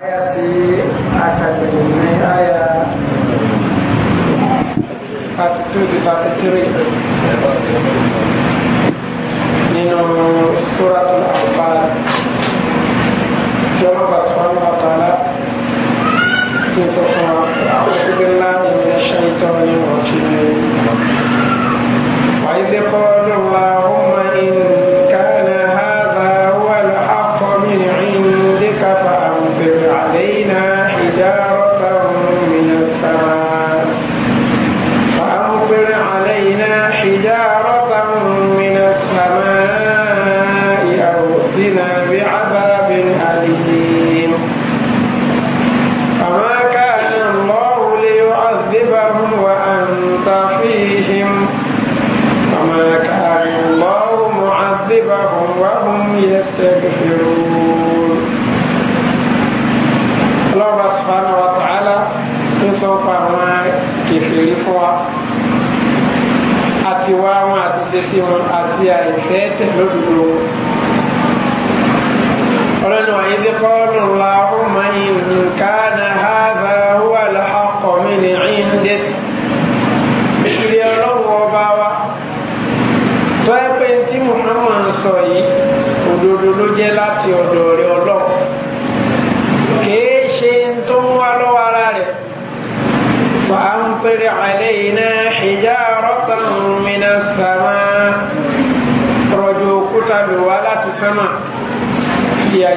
nínú sóràtún àbára jọba bàtúwánú àbára tí ó sọ fún wa àwọn ìgbẹ́ ńlá ìrìnàṣẹ́ ìtọ́ni ọ̀tún ní wàá ilé kọ́ lọ́wọ́.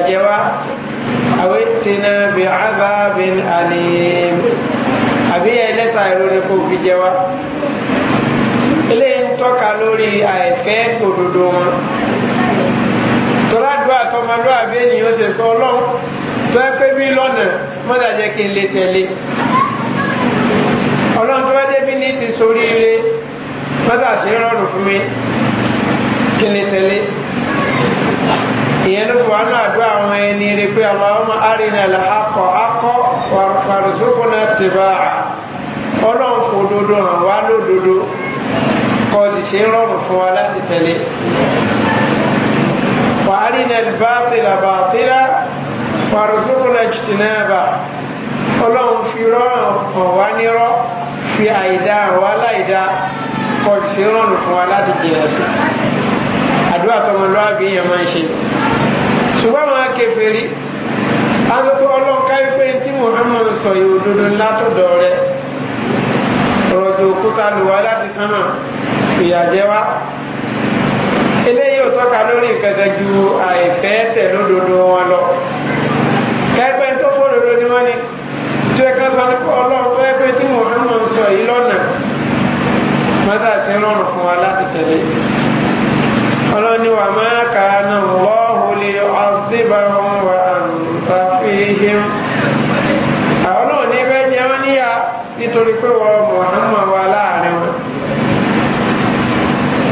jẹ wá àwọn ètìna bí azábí àlìm àbí ẹlẹ́ta ìrora kò fi jẹ wá eléyìí ń tọ́ka lórí àìfẹ́ òdodo wọn tọ́ládùá tọmọdúá bí ènìyàn ṣe sọ ọlọ́run tó ẹ pé bí lọ́nà mọ́tà jẹ́ kí n lè tẹ̀lé ọlọ́run tó bá débi ní ti sórí ire mọ́tà sí rọrùn fún mi kí n lè tẹ̀lé ìyẹn ló fi wà nù àdúrà àwọn ẹni rẹ pé Allahumma arina al-haqqa haqqan warzuqna ittiba'ah ọlọ́run kò dodo hàn wá lódodo kọ́ ti ṣe rọrùn fún wa láti tẹ̀lé. wa arina al-batila batilan warzuqna ijtinabah ọlọ́run fi rọrùn hàn wá nírọ́ fi àìdá hàn wá láìdá kọ́ ti ṣe rọrùn fún wa láti jìnà sí àdúrà tọmọlúwàbí yẹn máa ń ṣe ṣùgbọ́n àwọn akẹfẹ́rí àwọn tó ọlọ́ọ̀ká wípé tí Muhammad sọ yìí òdodo ńlá tó dọ̀ rẹ ọ̀rọ̀dọ̀ òkúta lù wá láti sánà ìyàjẹ́ wa eléyìí ò tọ́ka lórí ìkẹsẹ̀ ju àìfẹ́ tẹ̀ lódodo wọn lọ kẹgbẹ́ tó fọ́dodo ni wọ́n ní tí ẹ̀ka sọ ní kọ́ ọlọ́run tó ẹgbẹ́ tí Muhammad sọ yìí lọ́nà mọ́tà ti rọrùn fún wa láti tẹ̀lé ọlọ́ni wà máa kà á nà lọ́hùn lè ọ̀sìbà wọn wà àǹtà fìhìm. àwọn náà ní bẹ́ẹ̀ jẹ́ wọ́n níyà nítorí pé wọ́n mọ̀ ọmọ wa láàrin wọn.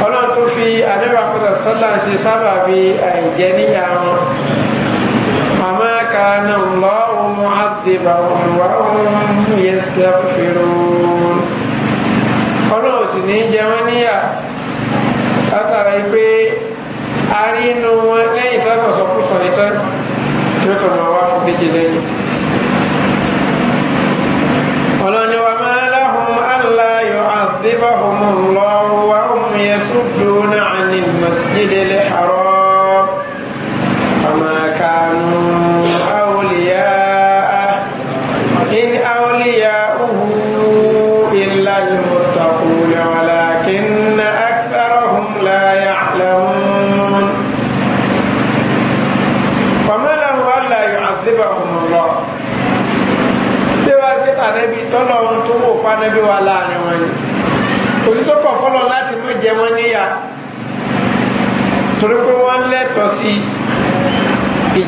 ọlọ́run tó fi àdébà kọ́tà sọ́lá ṣe sábà bí àìjẹ́ níyà wọn. màmá kà á lọ́hùn mọ́ àṣìbà wọn wà wọ́n yẹ sẹ́fìrò. sì ní jẹ́ wọ́n níyà látara pé. nome de Jesus.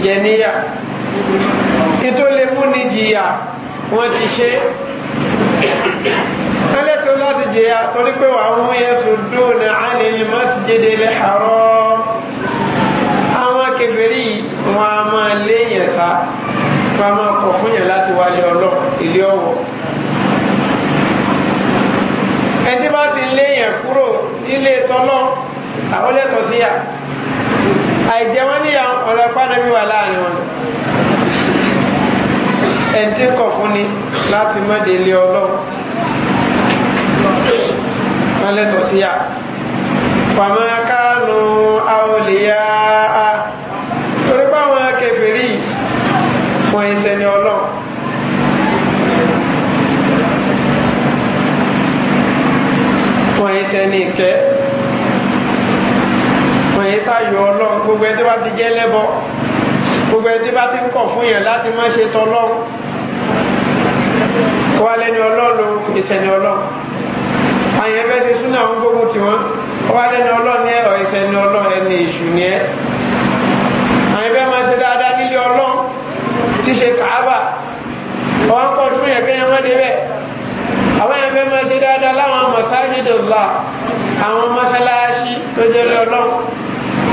jẹ níyà ètò lè mú ní jìyà wọ́n ti ṣe ẹlẹ́tọ́ láti jìyà torí pé wà wọ́n yẹ sùdúnà ánìlì masjidil haram àwọn kèfèrí wọn a máa léèyàn ká wọn a máa kọ̀ fún yàn láti wálé ọlọ́ ilé ọ̀wọ̀ ẹtí bá ti léèyàn kúrò nílé tọ́lọ́ àwọn lẹ́tọ̀ọ́ sí yà àìjẹ́ wọn ọ̀rọ̀ pàdébí wà láàrin wọn ẹ̀ńtí kọ̀ fún ni láti mọ́dé ilé ọlọ́run wọn lẹ́tọ̀ọ́ sí yà pàmò tí wọ́n ti jẹ́ lẹ́bọ gbogbo ẹni tí bá ti ń kọ̀ fún yẹn láti má ṣe tọ́lọ́run kó wá lẹ́ni ọlọ́run ìṣẹ̀ni ọlọ́run àyẹ̀ bẹ́ẹ̀ ti súnà ń gbógun tì wọ́n kó wá lẹ́ni ọlọ́run ẹ̀ ọ̀ ìṣẹ̀ni ọlọ́run ẹni ìṣù ni ẹ́ àyẹ̀ bẹ́ẹ̀ máa ti dáadáa nílé ọlọ́run ti ṣe kàábà ọ̀hún kọ́ fún yẹn kéèyàn má débẹ̀ àwọn yẹn bẹ́ẹ̀ máa ti dáadáa láwọn mọ̀sáàjì dòlà àwọn mọ́sálásí tó jẹ́ lọ́lọ́run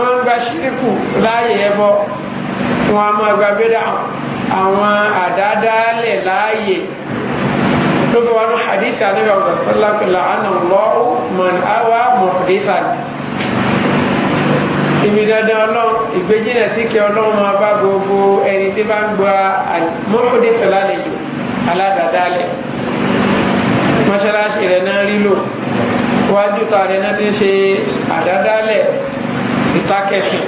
àwọn ń gba ṣíríkù láàyè ẹbọ wọn a máa gba bídà àwọn àdádálẹ̀ láàyè ló fi wá ní hadith àdébà ọ̀sánlápẹ̀lá àná lọ́wọ́ man awa mọ̀fẹ́sà ibi dandan ọlọ́run ìgbéjìnà sí kí ọlọ́run máa bá gbogbo ẹni tí bá ń gba mọ́fẹ́sà lálejò aládàádálẹ̀ mọ́ṣáláṣí rẹ̀ náà rí lò wájú ta rẹ̀ náà ti ń ṣe àdádálẹ̀ sákẹ́sì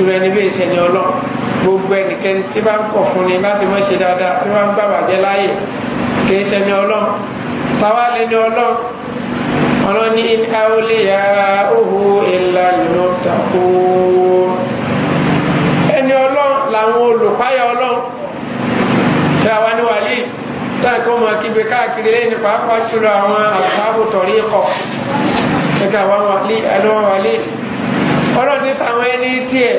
ìrẹ́ níbi ìsẹ̀ni ọlọ́ gbogbo ẹnikẹ́ni tí bá ń kọ̀ fún ni láti mọ̀ ṣe dáadáa tí wọ́n ń bá bàjẹ́ láàyè kì í sẹ̀ni ọlọ́ táwa lẹni ọlọ́ ọlọ́ni àwọlé ya òhù ìlà ìlú tako ẹni ọlọ́ làwọn olùpáyà ọlọ́ tí a wá ní wàlíì táà kí wọ́n máa káàkiri lẹ́yìn pàápàá jùlọ àwọn àbúrò tọ̀rí kọ̀ kẹkẹ àwọn wàlí àlọ́ wàlí ọlọ́ọ̀ni táwọn ẹni tiẹ̀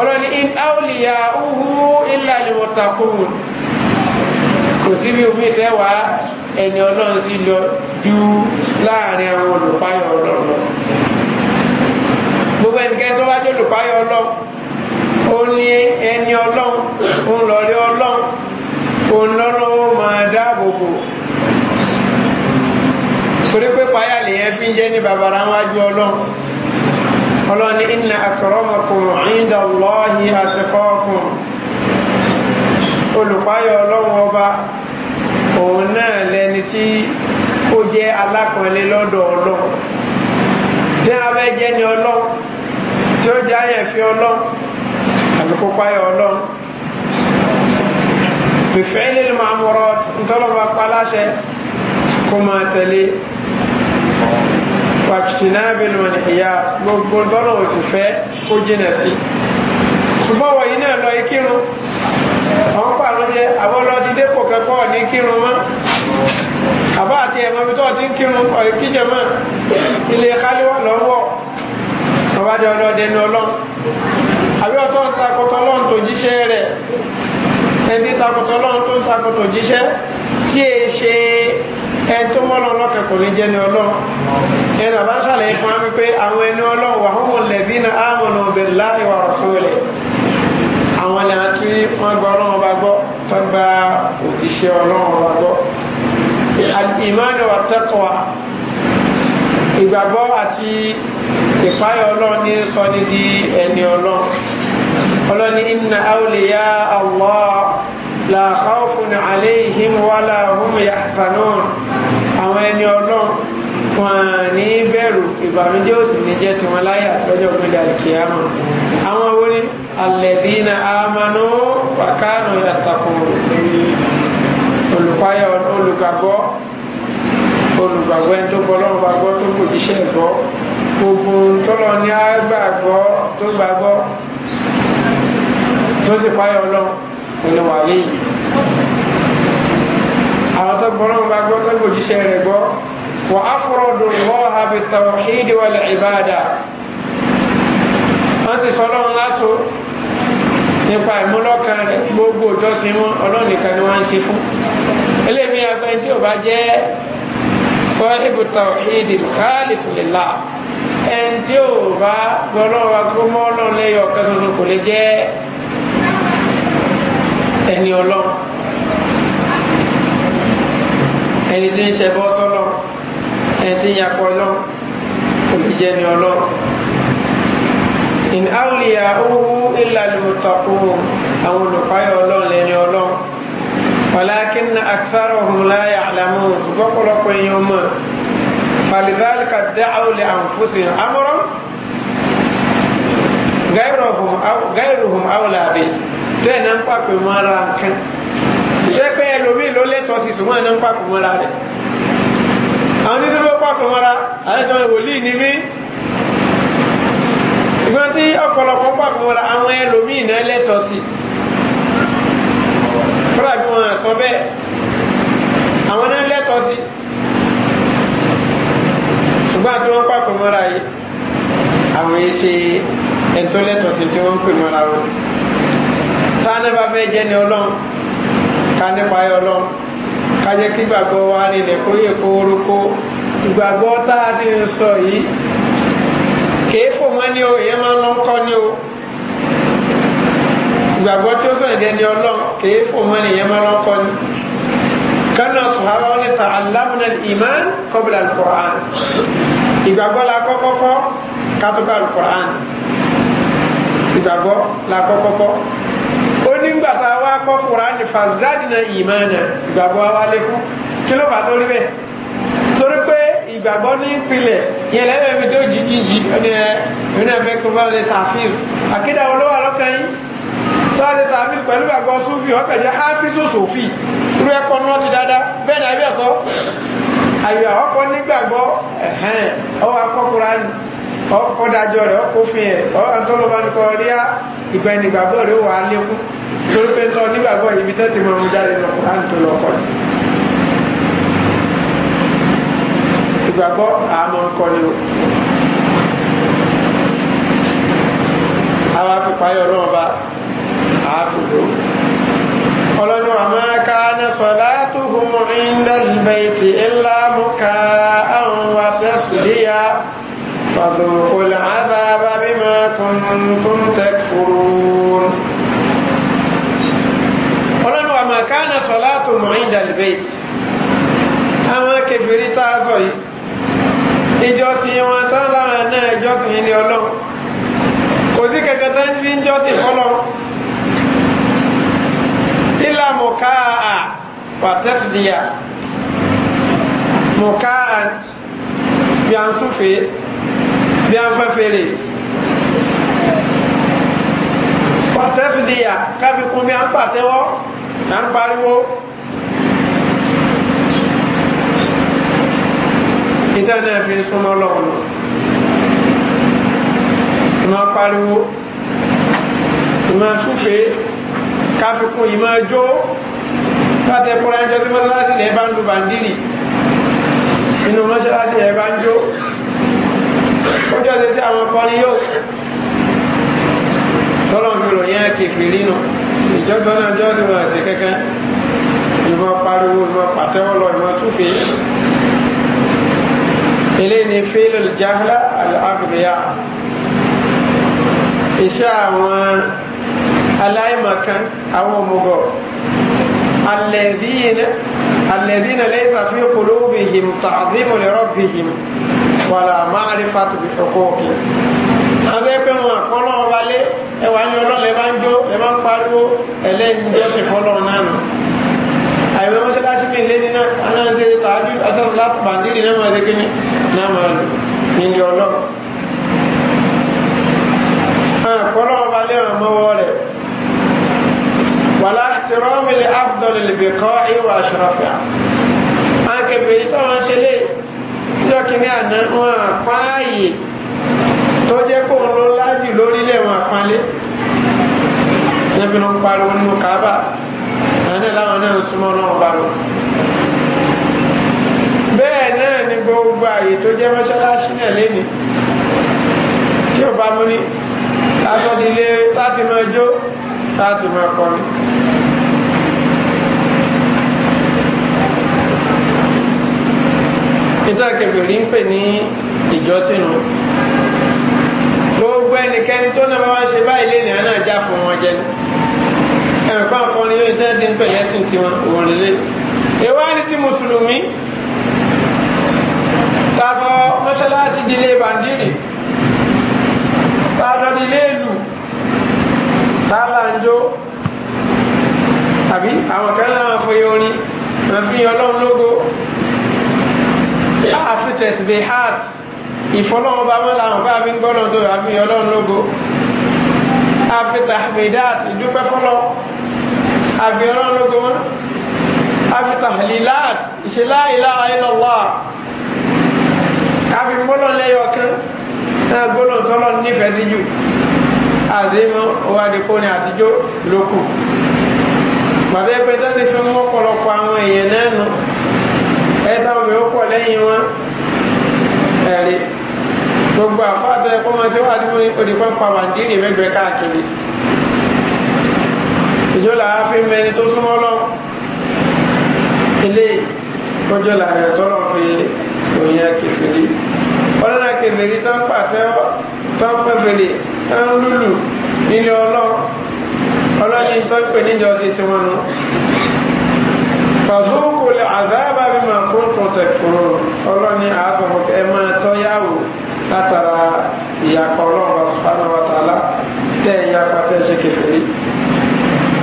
ọlọ́ọ̀ni in áwùlìyà uhu ilà ni wọ́n ta kú kò síbi omi ìtẹ́wà ẹni ọlọ́run ti lọ ju láàrin àwọn olùpáyọ̀ ọlọ́run gbogbo ẹnikẹ́ni tó bá jẹ́ olùpáyọ̀ ọlọ́run ó ní ẹni ọlọ́run ń lọ rí ọlọ́run ó ń lọ́lọ́wọ́ torí pé páyà lèyẹn fi ń jẹ́ ní babara wájú ọlọ́run ọlọ́run ní inna akramakum inda Allahi atqakum olùpáyọ̀ ọlọ́run ọba òun náà lẹni tí ó jẹ́ lọ́dọ̀ ọlọ́run tí a bẹ́ jẹ́ ní ọlọ́run tí ó jẹ́ àyẹ̀fẹ́ ọlọ́run ọlọ́run pàtìnàbí lòun ìyá gbogbo dọ́nà òṣìfẹ́ kó jìnà sí. ṣùgbọ́n wọ̀nyí náà lọ ikírun àwọn pààrọ̀ jẹ àwọn ọlọ́dí dépò kẹ́kọ̀ọ́ ní kírun mọ́ àbá àti ẹ̀mọ́ bí tó ti ń kírun ọ̀rẹ́ kíjẹ̀ mọ́ ilé kálíwọ̀ lọ́wọ́ ọ̀bájọ́ ọlọ́dẹ ní ọlọ́run àbí ọ̀tọ́ ń takọ̀tọ̀ ọlọ́run tó jíṣẹ́ rẹ̀ ẹni takọ̀tọ̀ ọlọ́run tó ẹni tó mọ́ lọ́wọ́ kẹ́kọ̀ọ́ ní jẹ́ ni ọlọ́run ẹni àbá sàlẹ̀ fún wa pé àwọn ẹni ọlọ́run wà hùwù lẹ́bí na ámọ̀nà ọbẹ̀ láàrin wà rọ̀sùn rẹ̀ àwọn ni a ti wọn gba ọlọ́run bá gbọ́ tó gba òjíṣẹ́ ọlọ́run bá gbọ́ ìmánu wa tẹ́kọ̀ọ́ ìgbàgbọ́ àti ìpáyọ̀ ọlọ́run ní sọ́ni di ẹni ọlọ́run ọlọ́ni inna awliya Allah la khawfun alayhim wala hum yahzanun àwọn ẹni ọlọ́run wọn ní bẹ̀rù ìbànújẹ́ òsì ní jẹ́ tiwọn láyà lọ́jọ́ gbẹdẹ àlùkìyàmọ àwọn wo ni alladhina amanu wa kanu yattaqun olùpáyà olùgbàgbọ́ olùgbàgbọ́ ẹni tó gbọ́ lọ́wọ́ gbàgbọ́ tó kò jíṣẹ́ gbọ́ gbogbo tọ́lọ ní àgbàgbọ́ tó gbàgbọ́ tó sì páyà ọlọ́run olùwàlẹ́yìn àwọn tó gbọ́ lọ́wọ́ bá gbọ́ tó gbòjíṣẹ́ rẹ̀ gbọ́ wà á fọ̀rọ̀ dùn lọ́wọ́ àbí tawhid wal ibada wọ́n ti fọ́ lọ́wọ́ látò nípa ìmúlọ́kan rẹ̀ gbogbo ìjọsìn wọn ọlọ́run nìkan ni wọ́n ń ṣe fún eléyìí afẹ́ tí ò bá jẹ́ fọ́ ibù tawhid khalif lillah ẹni tí ò bá gbọ́ lọ́wọ́ agbómọ́ ọlọ́run lẹ́yọ̀ kẹ́tùtù kò lè jẹ́ ẹni ọlọ́run. ẹni tí ń ṣẹbọ tọ́lọ̀ ẹni tí ń yakọ lọ òjijẹ ni ọlọ. in awliya owó ìlànà ìtàkù àwọn olùpáyọ̀ ọlọ́run lẹ́ni ọlọ́run. walakin aktharuhum la ya'lamun gbọ́kọ̀lọ́kọ̀ èèyàn mọ̀ falidhalika da'u li anfusihim amran ghayruhum awla bi tẹ́ẹ̀ náà ń pàpẹ́ mọ́ ara nǹkan lẹ́tọ̀ọ́ sí sùnmọ́ ẹ̀nà ń pàpọ̀ mọ́ra rẹ̀ àwọn títí tó pàpọ̀ mọ́ra àyẹ̀tọ̀ wòlíì ni mí ìgbọ́n tí ọ̀pọ̀lọpọ̀ pàpọ̀ mọ́ra àwọn ẹlòmíì náà lẹ́tọ̀ọ́ sí fúra bí wọn àtọ́ bẹ́ẹ̀ àwọn náà lẹ́tọ̀ọ́ sí ṣùgbọ́n àti wọn pàpọ̀ mọ́ra yìí àwọn yìí ṣe ẹ̀ńtọ́lẹ́tọ̀ọ́ sí tí wọ́n ń pè mọ́ra wọn sáà náà bá fẹ́ jẹ́ ni ọlọ́run ká nípa ẹ ọlọ́run ká jẹ́ kí gbàgbọ́ wa nílẹ̀ kó yẹ kó orúkọ ìgbàgbọ́ tá a ti ń sọ yìí kèé fò mọ́ ni o èyẹ máa ń lọ kọ́ ni o ìgbàgbọ́ tí ó sọ ìdẹni ọlọ́run kèé fò mọ́ ni èyẹ máa ń lọ kọ́ ni kánà sùhárà wọn ni ta'allamna al-iman qabla al-Qur'an ìgbàgbọ́ la kọ́kọ́ kọ́ ká bá al-Qur'an ìgbàgbọ́ la kọ́kọ́ kọ́. kọ́ kuraani fazadina ìmánà ìgbàgbọ́ wa lékún kí ló bá torí bɛ torí pé igbagbɔ ní ìpìlẹ̀ yẹn lẹ́yìn mi tó jìjìjì ẹni ẹ ẹni ẹ fẹ́ kó bá lè tààfin àkídà olówó alọ́kàn yín a lè tààfin ti dáadáa bẹ́ẹ̀ ni àbí ẹ̀kọ́ àyè ọkọ nígbàgbọ́ ìgbà ẹni ìgbàgbọ́ rẹ wà á lékún torí pé tọ́ nígbàgbọ́ ibi tẹ́ ti mọ ohun jáde lọ kúrán tó lọ kọ́ ìgbàgbọ́ àmọ́ nǹkan ni o. àwa fi payọ̀ náà bá àákùdó. ọlọ́ni wa máa ká ní sọ̀dá tó fún mi ń dẹ́sibẹ̀ẹ́tì ńlá mú ká àwọn wa tẹ̀sílẹ̀ yá. فذوقوا العذاب بما كنتم تكفرون ọlọ́run wa máa ká náà sọ láàtò mọ̀ọ́yìn dàlíbẹ̀ àwọn kẹfìrí tá a sọ yìí ìjọ tí wọn tán lára náà ìjọ tí yìí ní ọlọ́run kò sí kẹkẹ tán sí ìjọ tí fọlọ́ ilà mọ̀ká pàtẹ́tìdìyà mọ̀ká à bíàǹsùfèé bí a ń fẹ́ fèrè pàtẹ́fìdìyà kábíkún bí a ń pàtẹ́wọ́ à ń pariwo. ìtẹ́ náà fi súnmọ́ lọ́wọ́ ìmọ̀ pariwo ìmọ̀ súfèé kábíkún ìmọ̀ jó pàtẹ́ kúrẹ́ńjọ́ tí wọ́n láti lè bá ń lu bàndínì inú mọ́ṣáláṣí ẹ̀ bá ń jó ojú ọ̀sẹ̀ tí àwọn akọni yóò tọ́lọ̀ ń lò yẹn kékeré nù ìjọba náà jọ́ ni wọ́n àti kankan ìmọ̀ pariwo ìmọ̀ pàtẹ́wọ́ lọ ìmọ̀ túfèé eléyìí ni fílù jahla al-aghbiya iṣẹ́ àwọn aláìmọ̀kan àwọn ọmọgọ̀ alladhina alladhina laysa fi qulubihim ta'dhimu li rabbihim wàlà máàrífà tó fi fọ́kọ́ òkè. abẹ́pẹ́ wọn àkọ́lọ́ wálé ẹwà ní ọlọ́lẹ̀ bá ń jó ẹ bá ń pariwo ẹlẹ́yìn jọ́sìn fọ́lọ́ náà nù. àìwé mọ́sálásí mi lé nínú anáńdé tàbí adọ́rọ̀ láti pàǹdírì náà máa dégé ní náà máa lò nílé ọlọ́ àkọ́lọ́ wálé ọ̀mọ́wọ́ rẹ̀ wàlá tìrọ́mìlì abdul bìkọ́ ìwà àṣùrọ̀fẹ́ àkẹ́bẹ̀ẹ́ tó wọn ṣe léè kínní àná wọn àpáàyè tó jẹ́ kó ń lọ láàyè lórílẹ̀ wọn àpálẹ́ níbi ló ń pariwo nínú kábà àná láwọn náà ń súnmọ́ náà bá lọ. bẹ́ẹ̀ náà ni gbogbo àyè tó jẹ́ mọ́ṣáláṣí náà léni tí ò bá mú ní lásán ilé láti máa jó láti máa kọrin. níta kẹfìrí ń pè ní ìjọsìn gbogbo ẹnikẹ́ni tó náà bá wá ṣe báyìí lé nìyẹn náà já fún wọn jẹ ẹ̀rọ bá ń fọ ní ilé tí ń pẹ̀lẹ́ sí ti wọn òun lè ìwà ni ti mùsùlùmí tàbọ̀ mọ́ṣáláṣí di ilé bàndírì tàbọ̀ di ilé ìlú ìfọlọ́wọ́n bá mọ́ làwọn bá mi ń gbọ́nà tó àbí ọlọ́run lógo àfi tàmídá àti ìdúpẹ́ fọlọ́ àbí ọlọ́run lógo mọ́ àfi tàmílá ìṣẹ̀lá ìlà ìlọ́wọ́ àfi mọ́lọ́ lẹ́yọ̀ kan náà gbọ́nà tọ́lọ́ nífẹ̀ẹ́ sí jù àdéhùn owó adékòrin àtijọ́ lókù bàbá ẹgbẹ́ tó ti fi mú ọ̀pọ̀lọpọ̀ àwọn èèyàn náà nù ẹ̀ẹ́dá omi ó pọ̀ lẹ́yìn wọn ẹ̀rí gbogbo àfáàtọ̀ ẹ̀kọ́ máa ti wá àdúgbò òdìpọ̀ ń pa màdínì mẹ́gbẹ̀ẹ́ káàkiri ìjọ làá fi mẹni tó súnmọ́ lọ ilé kọjọ làrẹ̀ tọ́lọ̀ fi òyìn akẹ́fẹ́lé ọlọ́run akẹ́fẹ́lé tó ń pàṣẹ tó ń pẹ́fẹ́lé tó ń lùlù nílé ọlọ́ ọlọ́ni tó ń pè níjọ ti ti wọn nù fàzókòlè àzáàbà mi máa kó tó tẹ̀ fún ọlọ́ni àbọ̀ ẹ̀ máa tọ́ yáwó látara ìyàpá ọlọ́run subhanahu wa ta'ala tẹ́ ìyàpá tẹ́ ṣe kẹfẹ́rí.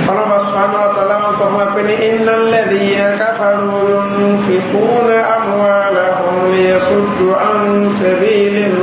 ọlọ́run subhanahu wa ta'ala wọn sọ fún wa pé ní iná lẹ́dí kafaru yunfiquna amwalahum yasuddu an sabilillah.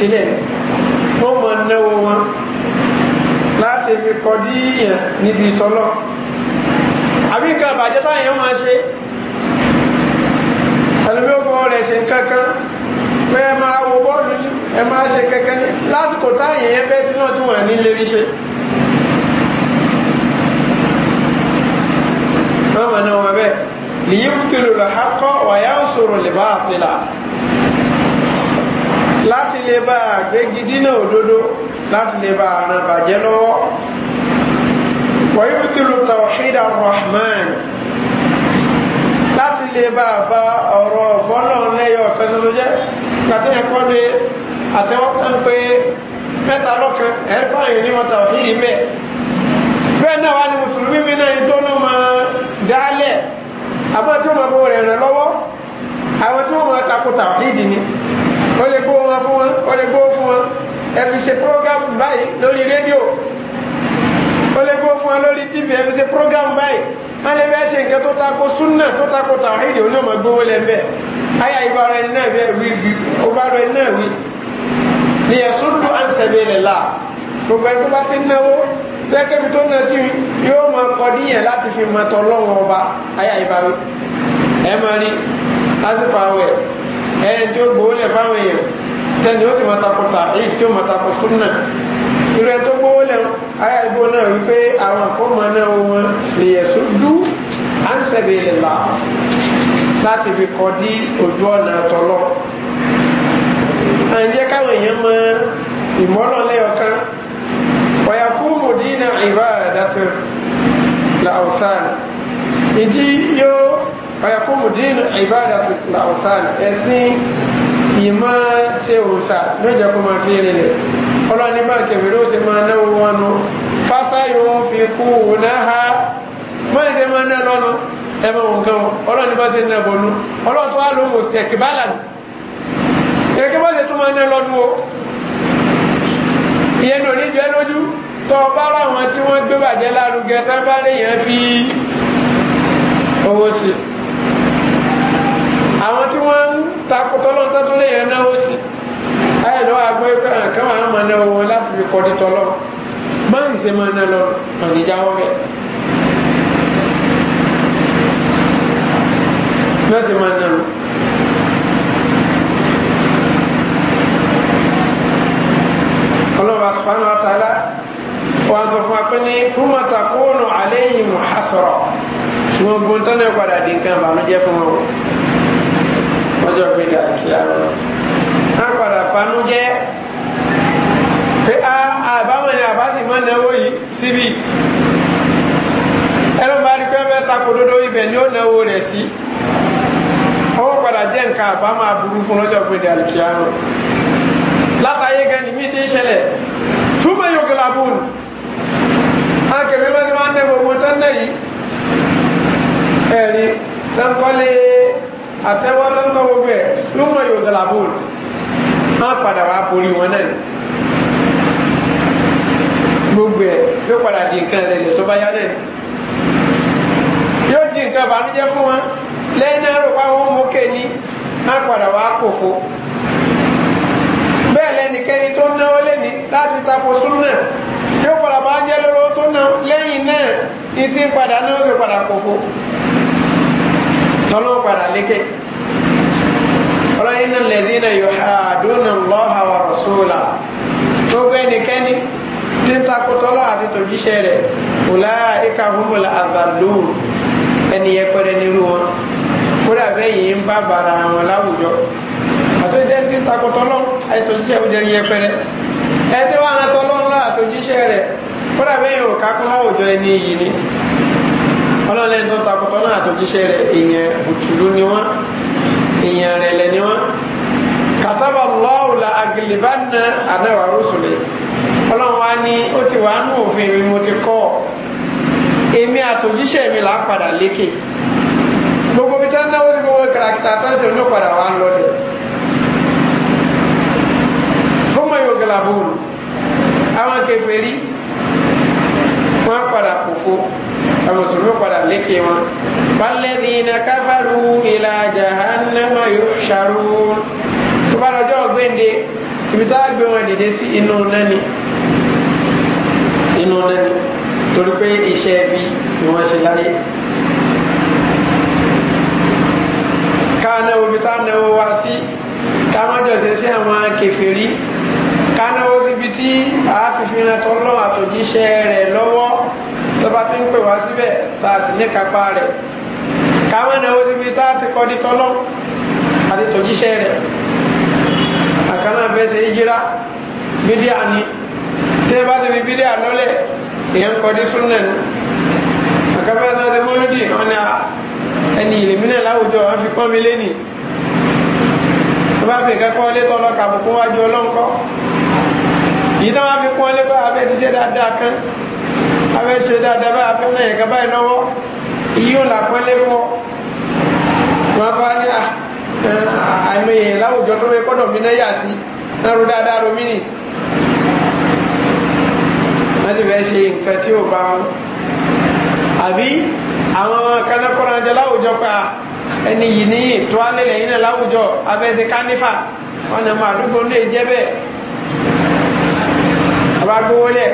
sílẹ̀ wọ́n máa náwó wọn láti fi kọjú yẹn níbi ìtọ́lọ́ àbí nǹkan báyẹn máa ṣe ẹlòmíọ́gbọ́n rẹ̀ ṣe kankan pé ẹ máa wo bọ́ọ̀lù ẹ máa ṣe kankan lásìkò táyẹn yẹn bẹ́ẹ̀ tí náà tún wà ní lérí ṣe. wọ́n máa wọn bẹ́ẹ̀ lìyí kúkìlù lọ́hàkọ́ wàyà ń sọ̀rọ̀ lè bá àfilà lè bá àgbégi dínà òdodo láti lè bá àrùn bàjẹ́ lọ́wọ́. wọ́n ti lu tawhid ar-rahman láti lè bá a bá ọ̀rọ̀ bọ́lọ̀ lẹ́yọ̀ ọ̀tẹ́nudọ́jẹ́ kàtẹ́ ẹ̀kọ́ de àtẹ́wọ́tán pé mẹ́ta lọ́kàn ẹ̀ẹ́fà yìí ni wọ́n tawhid mẹ́ bẹ́ẹ̀ náà wà ní mùsùlùmí mi náà ń tọ́nà máa dálẹ̀ àbọ̀ tí wọ́n máa bọ̀ rẹ̀ rẹ̀ lọ́wọ́ àwọn tí wọ́n máa takò tawhid ni ó lè gbó wọn fún wọn ó lè gbó fún wọn ẹ fi ṣe program báyìí lórí rédíò ó lè gbó fún wọn lórí tv ẹ fi ṣe program báyìí wọn lè bẹ́ẹ̀ ṣe nǹkan tó tako súnà tó tako tàwíìdì òun náà máa gbówó lẹ́ńbẹ́ ayé ìbára ẹni náà bẹ́ẹ̀ wí ìbára ẹni náà wí ni ẹ̀sùn tó à ń tẹ̀lé rẹ̀ la gbogbo ẹni tó bá ti náwó lẹ́kẹ̀bi tó náà sí yóò máa kọ́ níyẹn láti fi mọ̀tọ́ lọ́wọ́ ọba ayé ìbára ẹ máa rí lásìkò àwẹ̀ ẹni tí ó gbowó lẹ̀ fáwọn o tẹ́ni ó sì máa takò tà èyí tí ó máa takò súnà irú ẹ tó gbowó lẹ̀ ayé àdúgbò náà wípé àwọn àkómọ náà wọn lèyẹ̀ sùn dú à ń sẹ̀bi ìlà láti fi kọ́ dí ojú ọ̀nà àtọ̀lọ́ à ń jẹ́ káwọn èèyàn mọ ìmọ́lọ́ lẹ́yọ̀kan ọ̀yà fún mòdínà ìbára dàtọ̀ làwùsàn ìdí yóò ọ̀yà fún ìsìláàmù dínú ìbáàdà ọ̀sán ẹ̀sìn ìmọ̀ ṣe òòṣà lójà kó máa fi rìn rẹ̀ ọlọ́ni bá kẹ̀mí ló ti máa náwó wọn nu fásá yóò fi kú náà mọ́ ẹ̀sẹ̀ máa ná lọ́nu ẹ̀ máa wọ̀n gan ọlọ́ni bá ti ná bọ̀nu ọlọ́tọ́ wa ló wò tẹ̀kí bálà ní tẹ̀kí bá ti tún máa ná lọ́nu o ìyẹn ní oníjẹ́ lójú tọ́ ọ bá láwọn tí wọ́n gbé bàjẹ́ lárugẹ tábàlẹ̀ yẹn fi owó sí àwọn tí wọ́n ń takò tọ́lọ́ ń tọ́tún léèyàn náà ó sì ayé lọ́wọ́ agbó ẹgbẹ́ hàn káwọn àwọn máa náwó wọn láti fi kọ́ni tọ́lọ́ máa ń ṣe máa ná lọ àníjáwọ́ rẹ̀. láti máa ná lọ. ọlọ́wọ́ subhanahu wa ta'ala wọ́n sọ fún wa pé ní túmọ̀ takùnù alayhim hasra tí wọ́n ọjọ́ gbẹ̀dà kí a rọrùn. a padà fanú jẹ́ pé a àbámọ̀ ni àbá sì máa náwó yìí síbi ẹnu bá rí pé mẹ́ta kò dodo ibẹ̀ ni ó náwó rẹ̀ sí ọwọ́ padà jẹ́ nǹkan àbámọ̀ aburú fún ọjọ́ gbẹ̀dà kí a rọrùn. látàyé gan ni mí ti ń ṣẹlẹ̀ túmọ̀ yóò gbé labúùn akẹ́mi bá ti máa ń tẹ́ gbogbo tán náà yìí ẹ̀rí lọ́kọ́lé àtẹwọ́ ló ń kọ́ gbogbo ẹ̀ ló mọ yóò dọ̀là bóòlù á padà wá borí wọn náà gbogbo ẹ̀ yóò padà di nǹkan rẹ̀ lè tó bá yá náà yóò di nǹkan bànújẹ́ fún wọn lẹ́yìn náà rò páwọn mú kéènì á padà wá kòkó bẹ́ẹ̀ lẹ́nikẹ́ni tó náwó lẹ́ni láti tako súnmọ́ yóò padà bá jẹ́ lọ́wọ́ tó náà lẹ́yìn náà ìsín padà náà ó lè padà kòkó tọ́lọ́ padà lékè ọlọ́yìn náà lẹ́dí náà yọ ha dúnà lọ́ha wà rọ̀ṣọ́lá tó gbé nìkẹ́ni tí ń takotọ́lọ́ àti tòjíṣẹ́ rẹ̀ ọ̀là ìka humula àzàlù ẹni yẹ pẹ́rẹ́ nírú wọn kódà bẹ́yìn ń bá bàrà wọn láwùjọ àtúnjẹ́ tí ń takotọ́lọ́ àti tòjíṣẹ́ ọjọ́ yẹ pẹ́rẹ́ ẹ tí wọ́n á tọ́lọ́ ńlá àtòjíṣẹ́ rẹ̀ kódà bẹ́yìn òkà kún láwùjọ ẹni yìí ni ọlọ́lẹ̀ tó takọ̀tọ̀ náà àtòjíṣẹ́ rẹ̀ èèyàn bùtùlù ni wọ́n èèyàn rẹ̀ lẹ̀ ni wọ́n kàtàbà lọ́wọ́lá àgìlìbánà àdáwà rúṣùlẹ̀ ọlọ́run wa ní ó ti wà nù òfin mi mo ti kọ́ èmi àtòjíṣẹ́ mi là á padà lékè gbogbo mi tán náwó ní gbogbo kàràkìtà tó ń tẹ̀ ló padà wà lọ dẹ̀ fọmọ yóò gẹlà bóòlù àwọn kẹfẹ́ rí wọn padà kókó àwọn mùsùlùmí padà lékè wọn. falẹ́dìínà káfàrú ìlà jahannama yóò ṣàrú. tó bá lọ́jọ́ ọ̀gbẹ́nde ibi tá a gbé wọn dìde sí inú nání inú nání ni wọ́n ṣe láyé. kápá rẹ̀ káwọn ìnáwó síbi tá a ti kọ́ di tọ́lọ́ àti tòjíṣẹ́ rẹ̀ àkànnà fẹsẹ̀ yíra bídíà ni tí ẹ bá ti fi bídíà lọ́lẹ̀ èèyàn kọ́ di súnà ni àkànnà fẹsẹ̀ ti mọ́lódì wọn ni ẹni ìlèmínà láwùjọ wọn fi pọ́n mi lẹ́nìí bá fi kẹ́kọ́ lé tọ́lọ́ kàbùkù wájú ọlọ́nkọ́ yìí táwọn fi kún ọ lé bá abẹ́ ti jẹ́ dáadáa kan abẹ́ ti ṣe dáadáa bá abẹ́ náà yẹ̀kẹ́ báyìí lọ́wọ́ iyo la pẹlẹ kọ wọn bá ní àìmọye láwùjọ tó yẹ kọdọ mi náà yà sí ẹrú dáadáa romi nì wọn ti fẹ́ ṣe nǹkan tí ò bá wọn àbí àwọn kánákọ́ra jẹ láwùjọ pa ẹni yìí ní ètò alẹ́ a náà láwùjọ abẹ́sẹ̀ kánífà wọn nà mọ àdúgbò ní èjẹ́ bẹ́ẹ̀ àbá gbówó lẹ̀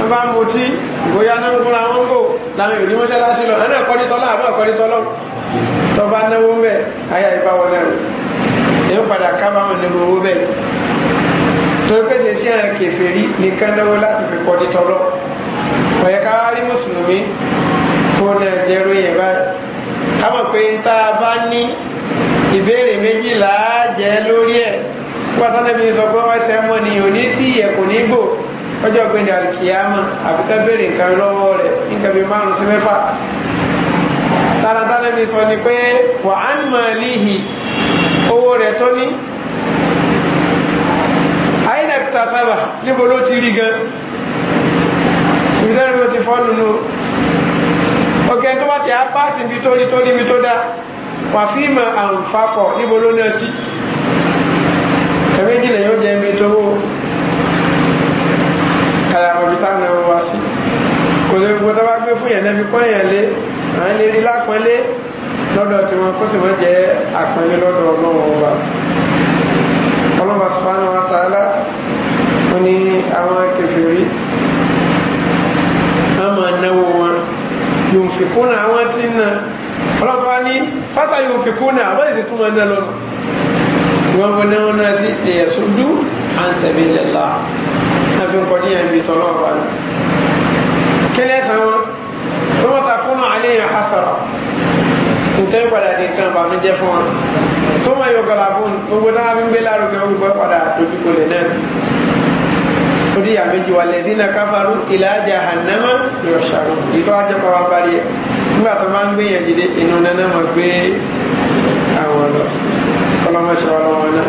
wọ́n bá ń mutí ìgbóyà náà ń kúra wọn kò làwọn ìròyìn mọ́ṣáláṣí lọ ẹ̀ náà kọ́ni tọ́lá àbọ̀ kọ́ni tọ́lọ́ tó bá náwó ń bẹ̀ ayé àyíká wọn náà èyí padà kábàámọ̀ nínú owó bẹ́ẹ̀ tó pété sí àwọn kèfèrí nìkan náwó láti fi kọ́ni tọ́lọ́ ọ̀yẹ́ ká rí mùsùlùmí kó náà jẹ́rú yẹn báyìí ká mọ̀ pé tá a bá ní ìbéèrè méjìlá jẹ́ lórí ẹ̀ pátánẹ́bí sọ pé wọ́n tẹ́ mọ́ ni òní tí ìyẹ̀kùn ní gbò ọjọ́ ìpínlẹ̀ alikiyama àfi ká béèrè nǹkan lọ́wọ́ rẹ̀ nǹkan bíi márùn sí mẹ́fà taratara mi sọ ni pé wà á ń mọ líhì owó rẹ̀ tó ní àyínà kìtà sábà níbo ló ti rí gan ìdánimọ̀ ti fọ́ nínú ọ̀gẹ̀ tó bá ti á pàṣẹ ibi tó rí tó rí ibi tó dá wàfíìmà àǹfààkọ̀ níbo ló náà sí ẹ̀mí jìnnà yóò jẹ́ ibi tó wó àyàmọ̀bí táwọn ọmọ wa sí kò lè gbogbo tó bá gbé fún yẹn lẹ́bi pọ́n yẹn lé àwọn ilé rí lápọ́nlé lọ́dọ̀ tí wọn kó sì wọ́n jẹ́ àpọ́nlé lọ́dọ̀ ọlọ́wọ́n wa ọlọ́wọ́ sọ́nà wa tààlà wọn ni àwọn kẹfìrí wọn máa náwó wọn yóò fi kún náà àwọn tí ń náà ọlọ́pàá ní fata yóò fi kún náà àwọn èdè tó máa ná lọ́nà wọn wọn náà wọn ti ẹ̀yà sódú à ń ẹ̀sán tó ń kọjú yẹn bí tọ́lọ́ ọba ni. kílẹ̀ tán wọn tó wọ́n ta fún alẹ́ yẹn hasọ̀rọ̀ nǹkan ìpadà di nǹkan ìbànújẹ́ fún wọn. tó wọ́n yọ gàlà fún gbogbo náà fi ń gbé lárugẹ olùkọ́ padà lójúkọ lẹ̀ náà. torí àmẹ́jì wà lẹ́dí náà káfárú ìlà jahannama yọ̀ ṣàrò ìtọ́ ajẹ́pọ̀ wa parí ẹ̀ nígbà tó bá ń gbé yẹn dìde inú nánà máa gbé àwọn lọ ọlọ́mọṣẹ́ ọlọ́wọ́ náà.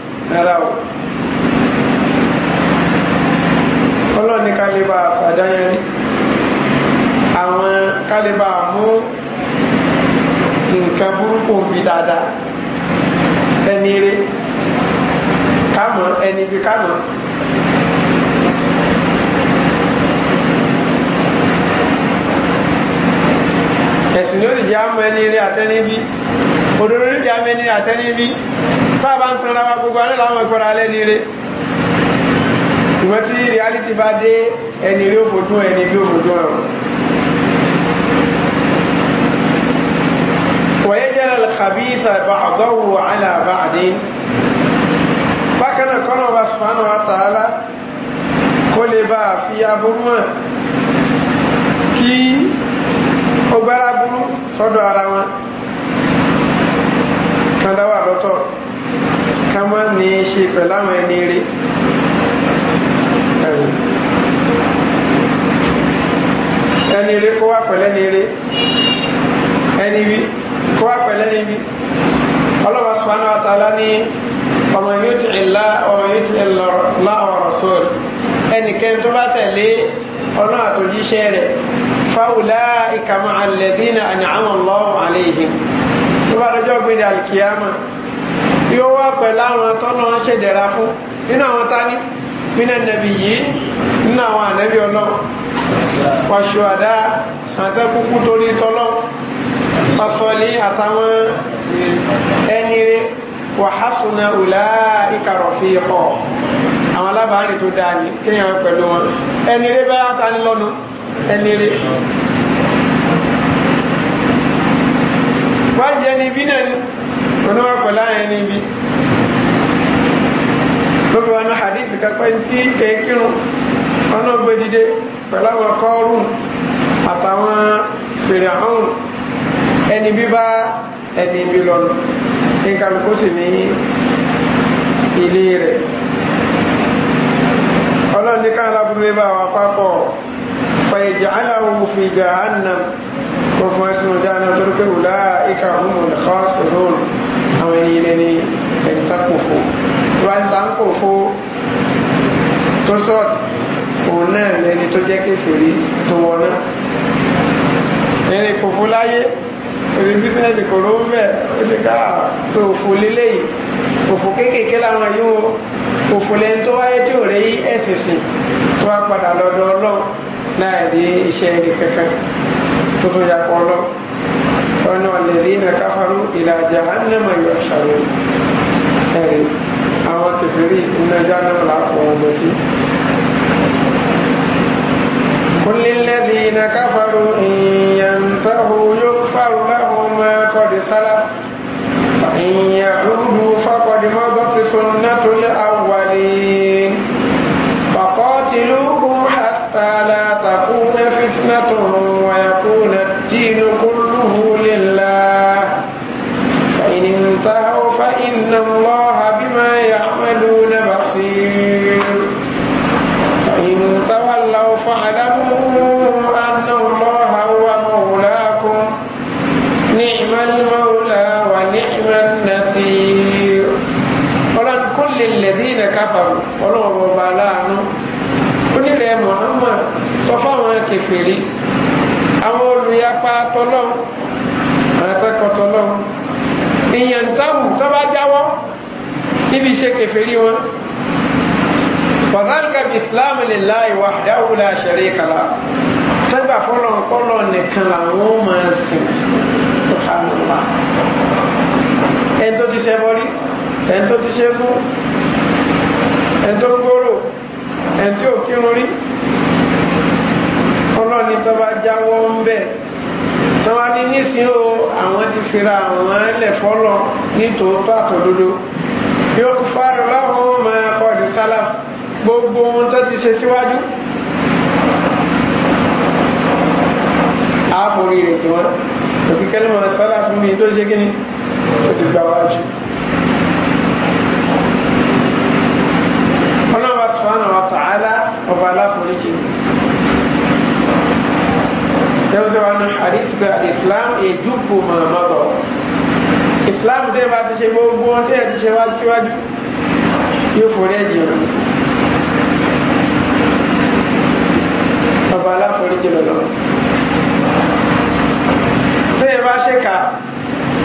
rárá o ọlọ́ni kálíbà àdáyẹrí àwọn kálíbà mú nǹkan burúkú bí dáadáa ẹni rẹ kámọ ẹni bí kámọ. ẹ̀sìn yóò lè jẹ́ àmọ́ ẹni rẹ àtẹ́ni bí òdòdó ní ìjà mẹni àtẹnibí sábà ń tanra wa gbogbo alẹ́ làwọn ìkọ́ra alẹ́ ní ire ṣùgbọ́n tí reality bá dé ẹni rí òfòdún ẹni bí òfòdún ọ̀rọ̀. wọ́yẹ́jẹ́ al-khabitha ba'dahu 'ala ba'din bákan náà kọ́nà ọba subhanahu wa kó lè bá a fi aburú hàn kí ó gbára burú sọ́dọ̀ ara wọn nìkan dáwà lọ́tọ̀ ká má ní í ṣe pẹ̀lú àwọn ẹni rí. ẹni rí kó wá pẹ̀lẹ́ ni rí ẹni wí kó wá pẹ̀lẹ́ ni wí ọlọ́wọ́ sọ́nà àtàlá ní ọmọ yóò ti ìlà ọmọ yóò ti ìlà láwọn ọ̀sọ́ ẹnìkan tó bá tẹ̀lé ọ̀nà àtòjíṣẹ́ rẹ̀ fáwùlá ìkàmọ́ àlẹ́dínà àníhàmọ́ lọ́wọ́ àlẹ́ yìí bá lọ́jọ́ gbére àlùkìyàmà yóò wá pẹ̀lú àwọn tọ́nà ṣèdẹ̀ra fún nínú àwọn tání nínú ẹnẹbi yìí nínú àwọn ànẹbi ọlọ́run wàṣọ àdá àtẹkùkù torí tọ́lọ́ ọ̀sọ̀lì àtàwọn ẹni wàhásùnà ọ̀là ìkàrọ̀fì ọ̀ àwọn alábàárìn tó dáa ní kéèyàn pẹ̀lú wọn ẹni rẹ bá tani lọ́nu ẹni rẹ. ìbáyìí ẹni ibi náà ni oníwà pẹ̀lú àwọn ẹni ibi lóbi wọn ní hadith kápẹ́ tí kéékìrún wọn náà dide dìde pẹ̀lú àwọn kọ́ọ̀rùn àtàwọn fèrè àhún ba bí bá ẹni ibi lọ́nà nǹkan kó sì ní ilé rẹ̀ فيجعله في جهنم وفي اسم جهنم تلك أولئك هم الخاسرون àwọn ẹni ilé ní ẹ̀ńtà kòfó ìwà ẹ̀ńtà kòfó tó sọ̀tù òun náà lẹni tó jẹ́ kékeré tó wọná ẹni kòfó láyé èmi bísíǹsì kò ló ń bẹ̀ ó ti ká tó òfò lélẹ́yìí òfò kéékèèké làwọn yìí ó òfò lẹ́ni tó wáyé tí ò rẹ́ yí ẹ̀sìn sìn tó wá padà lọ́dọ̀ ọlọ́run láì rí iṣẹ́ ẹni kankan tó tó yà pọ̀ lọ ọ̀nà alladhina kafaru ila jahannama yuhsharun ẹ̀rí àwọn kẹfìrí iná jáná làápọ̀ ọmọ sí. qul lilladhina kafaru in yantahu yughfar lahum ma qad salaf wa in ya'ud alislamu lillahi wahdahu la sharika lah sẹ́gbà fọlọ́ kọ́lọ́ nìkan làwọn ó máa sìn subhanallah ẹni tó ti ṣe bọ́lí ẹni tó ti ṣe fún ẹni tó ń gbòòrò ẹni tí ò kírun rí ọlọ́ni tó bá jáwọ́ ń bẹ̀ tó wá ní nísìn o àwọn ti fira àwọn ẹlẹ̀ fọlọ́ nítòótọ́ àtòdodo yóò fárọ̀ láwọn máa kọ́ ọ̀dùn sálàfù gbogbo ohun tó ti ṣe síwájú àforí rẹ̀ kí wọ́n òkè kẹ́lẹ́mọ̀ sọ́lá fún mi tó ṣe kíni tó ti gbà wájú. ọlọ́wà sọ́nà wa tààlà ọba aláforíjì yẹ́wọ́n tó wà ní àdìsí pé Islam èdúkù mọ̀ọ́mọ́bọ̀ Islam tẹ́ bá ti ṣe gbogbo ohun tẹ́ ẹ ti ṣe wá síwájú yóò forí ẹ̀jẹ̀ rẹ̀. jìnnà lọ. bẹ́ẹ̀ bá ṣe kà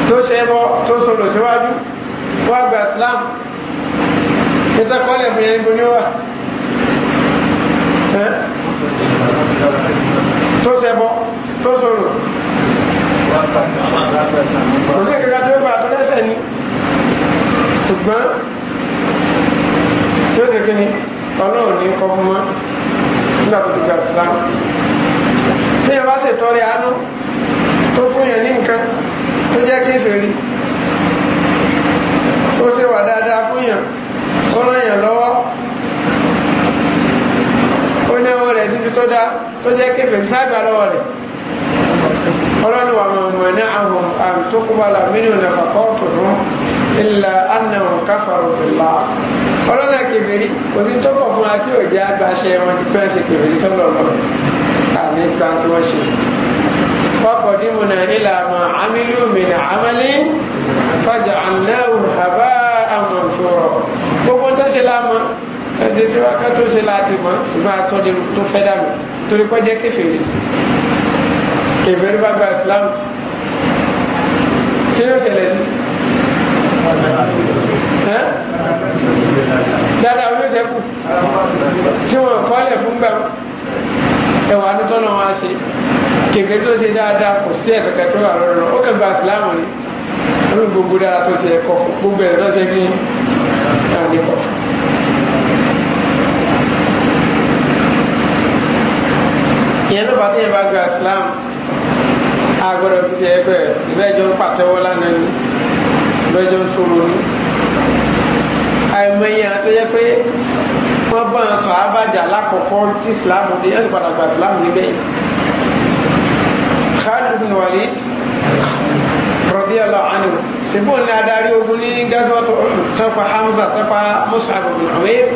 tó ṣe bọ́ tó sọ̀rọ̀ síwájú wá gba Islam níta kọ́lẹ̀ fún yẹn gbóni wà. tó ṣe bọ́ tó sọ̀rọ̀ kò sí ìkẹ́kẹ́ tó gbà tó lẹ́sẹ̀ ni ṣùgbọ́n yóò ṣe kí ni ọlọ́run ní kọ́ fún wọn nígbà tó ti gba Islam bí ọba ṣètọrẹ àánú tó fún yẹn ní nǹkan tó jẹ́ kéferì tó ṣe wà dáadáa fún yẹn tó ràn yẹn lọ́wọ́ ó ní ọmọ rẹ̀ títí tó dá tó jẹ́ kéferì sáàgbà lọ́wọ́ rẹ̀ ọlọ́ni wà mọ̀mọ́ ní àwọn àtúkùbálà mílíọ̀nù náà kọ́ tòun ilà ánàmù káfàrọ̀ ìlà ọlọ́nà kéferì òní tó pọ̀ fún wa tí ò jẹ́ àgbàṣe wọn fẹ́ẹ́ ṣe kéferì tó lọ́wọ́ àmì kan tí wọ́n ṣe. fọ́pọ̀ dìbò náà ilà àmọ́ amílù mìíràn amálé fàjà ànáwó àbá àmọ̀ ìṣòro. gbogbo tó ṣe láàmú ẹni tí wọ́n kẹ́ tó ṣe láti mọ̀ ṣùgbọ́n àtọ́ni tó fẹ́ dànù torí pé jẹ́ kéfèrè. kéfèrè bá gba ìsìlámù. kí ló tẹ̀lé ní? dáadáa olóṣèkù tí wọ́n kọ́ ẹ̀ fún gbàgbọ́ ẹwà ní tọ́nà wọn á ṣe kẹ̀kẹ́ tó ṣe dáadáa kò sí ẹ̀kẹ́kẹ́ tó wà lọ́rọ̀ ó kẹ́ gba ìsìlámù ni ó ní gbogbo dára tó ṣe ẹ̀kọ́ gbogbo ẹ̀ lọ́sẹ̀ kí ní kọ́. ìyẹn ló bá tẹ̀yẹ̀ bá gba ìsìlámù agbọ́dọ̀ fi ṣe ẹgbẹ́ ìbẹ́jọ́ ń pàtẹ́wọ́ lánàá ni ìbẹ́jọ́ ń sọ̀rọ̀ ni àìmọye àtẹ́yẹ pé wọ́n bá ń sọ abájà lákọ̀ọ́kọ́ tí fìlàmù dé ẹ̀sùn padà gba fìlàmù níbẹ̀. Khalid bin Walid radiyallahu anhu sebo ní adarí ogun ní gazawatu sanfa Hamza sanfa Mus'ab bin Umayr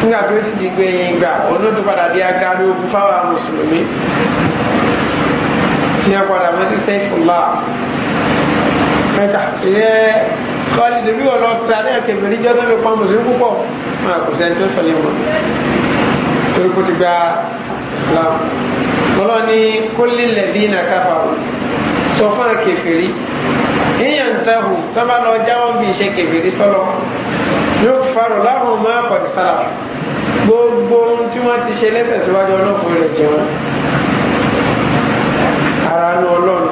nígbà tó ti di gbẹ̀yìn gbà olóòtú padà di agarí ogun fáwọn mùsùlùmí tí wọ́n padà mọ́ sí Saifullah mẹ́ta ìyẹn báyìí lè rí ọ̀rọ̀ tí alẹ́ kẹfẹ́ níjọ́ tó lè pa mùsùlùmí púpọ̀ máa kò sẹ́ni tó sọ yẹn mọ́ torí kò ti gba Islam lọ́lọ́ ní kólé lẹ́bí iná káfà o sọ fún kẹfìrí èèyàn táhù sábà lọ jáwọ́ bí iṣẹ́ kẹfìrí sọ́lọ́ yóò farò láhùn máa pọ̀ ní sára gbogbo ohun tí wọ́n ti ṣe lẹ́sẹ̀ ọlọ́kùnrin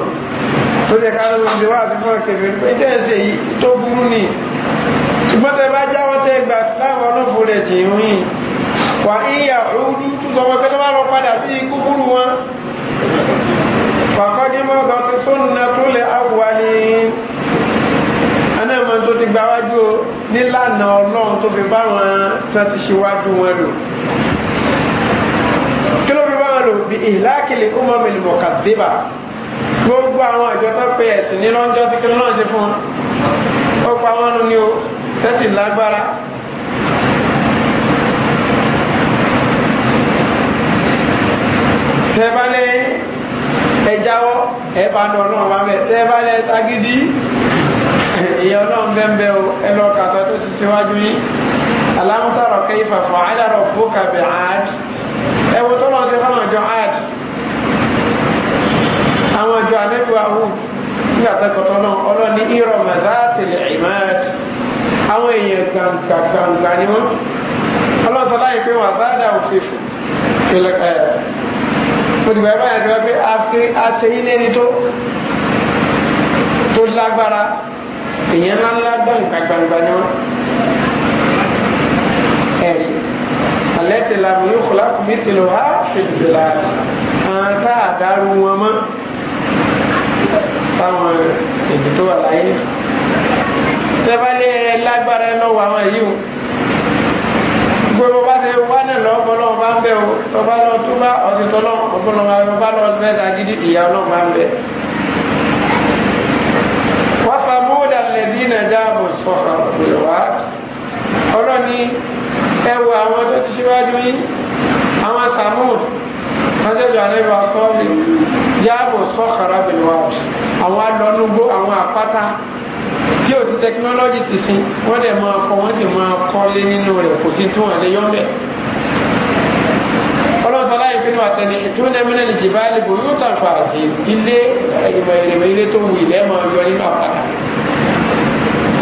tó yẹ ká ló ṣe wá àbí fọ́ọ̀kì rẹ̀ pé tẹ́ ẹ ṣe yìí tó burú ni ṣùgbọ́n tẹ bá jáwọ́ tẹ gbà láwọn ọlọ́bù rẹ̀ jì ń rìn wà íyà òun ní túnṣọ wọn pé tó bá lọ padà sí kúkúrú wọn. fàkọ́jú mọ́gàn ti sóńnà tó lè àwùwá ni anáàmọ́ tó ti gba wájú nílànà ọlọ́run tó fi bá wọn tán ti ṣíwájú wọn lò kí ló fi bá wọn lò bí ìlàkìlì ó mọ̀ mẹ́lìmọ̀ kàdébà. lórí ẹ̀sìn ní tí ṣe fún un pa ni o tẹ́sì lágbára. tẹ́bálẹ̀ ẹ̀jáwọ́ ẹ̀bàdàn náà wà bẹ́ẹ̀ tẹ́bálẹ̀ tagídí ìyẹn ọlọ́run bẹ́ẹ̀ o ẹ lọ́ọ́ kàtọ́ tó ti síwájú yín alamutara kaifa fa'ala rabbuka bi aad ẹ wo tọ́lọ́ àwọn nígbà tẹ́kọ̀tọ́ náà ọlọ́ni ìrọ̀mà dáàtìlẹ̀ ìmáàd àwọn èèyàn gbàǹgbà gbàǹgbà ni wọ́n ọlọ́sọ láyé pé wà bá dà òfin fún ẹ òdìbò ẹ̀rọ yẹn ti wá pé àṣẹ ilé ni tó tó lágbára èèyàn ńlá ńlá gbàǹgbà gbàǹgbà ni wọ́n ẹ̀rí alẹ́ ti làmúyò kọlá kùmí tìlù wá fìdílà àwọn tá a dárú wọn mọ́ fáwọn èdè tó wà láyé tẹ́fálẹ́ lágbára lọ́wọ́ àwọn yìí o gbogbo bá ti wá náà lọ ọpọlọ bá ń bẹ o ọba lọ tó bá ọtítọ́ lọ ọpọlọ bá ń bá lọ mẹ́ta gidi ìyá ọlọ́run bá ń bẹ. wọ́n fa bóódà lẹ́bí nàjà àbò sọ̀rọ̀ ìwà ọlọ́ni ẹ wo àwọn tó ti ṣíwájú yìí àwọn Samud wọ́n ṣẹ̀jọ̀ àrẹ́wà kọ́ọ̀lì yáàbò sọ̀rọ̀ ìwà ọ̀sùn àwọn alọ́nugbó àwọn àpáta tí o ti tẹkinọ́lọ́jì ti sin wọ́n dẹ̀ máa kọ́ wọ́n sì máa kọ́lé nínú rẹ̀ kò sí tún àlẹ́ yọ́mbẹ̀. ọlọ́run sọlá yìí fínú àtẹni ìtúndẹ̀ mìíràn ní jìbáàlì bò yóò tàn fà sí ilé ìmọ̀ ìrìnàmọ̀ ilé tó wù ilẹ̀ máa yọ nínú àpáta.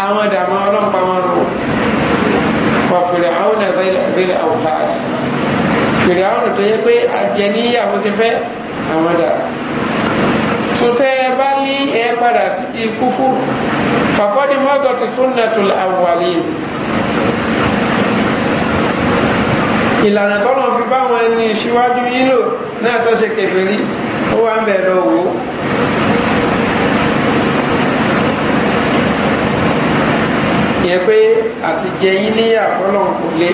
àwọn ìdààmú ọlọ́run pa wọn rò wọ́n fèrè àwọn àgbélé àwùjá fèrè àwọn tó yẹ pé àjẹníyàwó ti fẹ́ àwọn ìdààmú padà sí kúfù fàkọ́dí mọ́tò ti sunnatul awwalin. ìlànà tọ́lọ̀ fi báwọn ẹni síwájú yílò náà tó ṣe kèfèrí ó wà ń bẹ̀ lọ wò ó. yẹ pé àtijẹ́ yín ní àfọlọ́ kò lé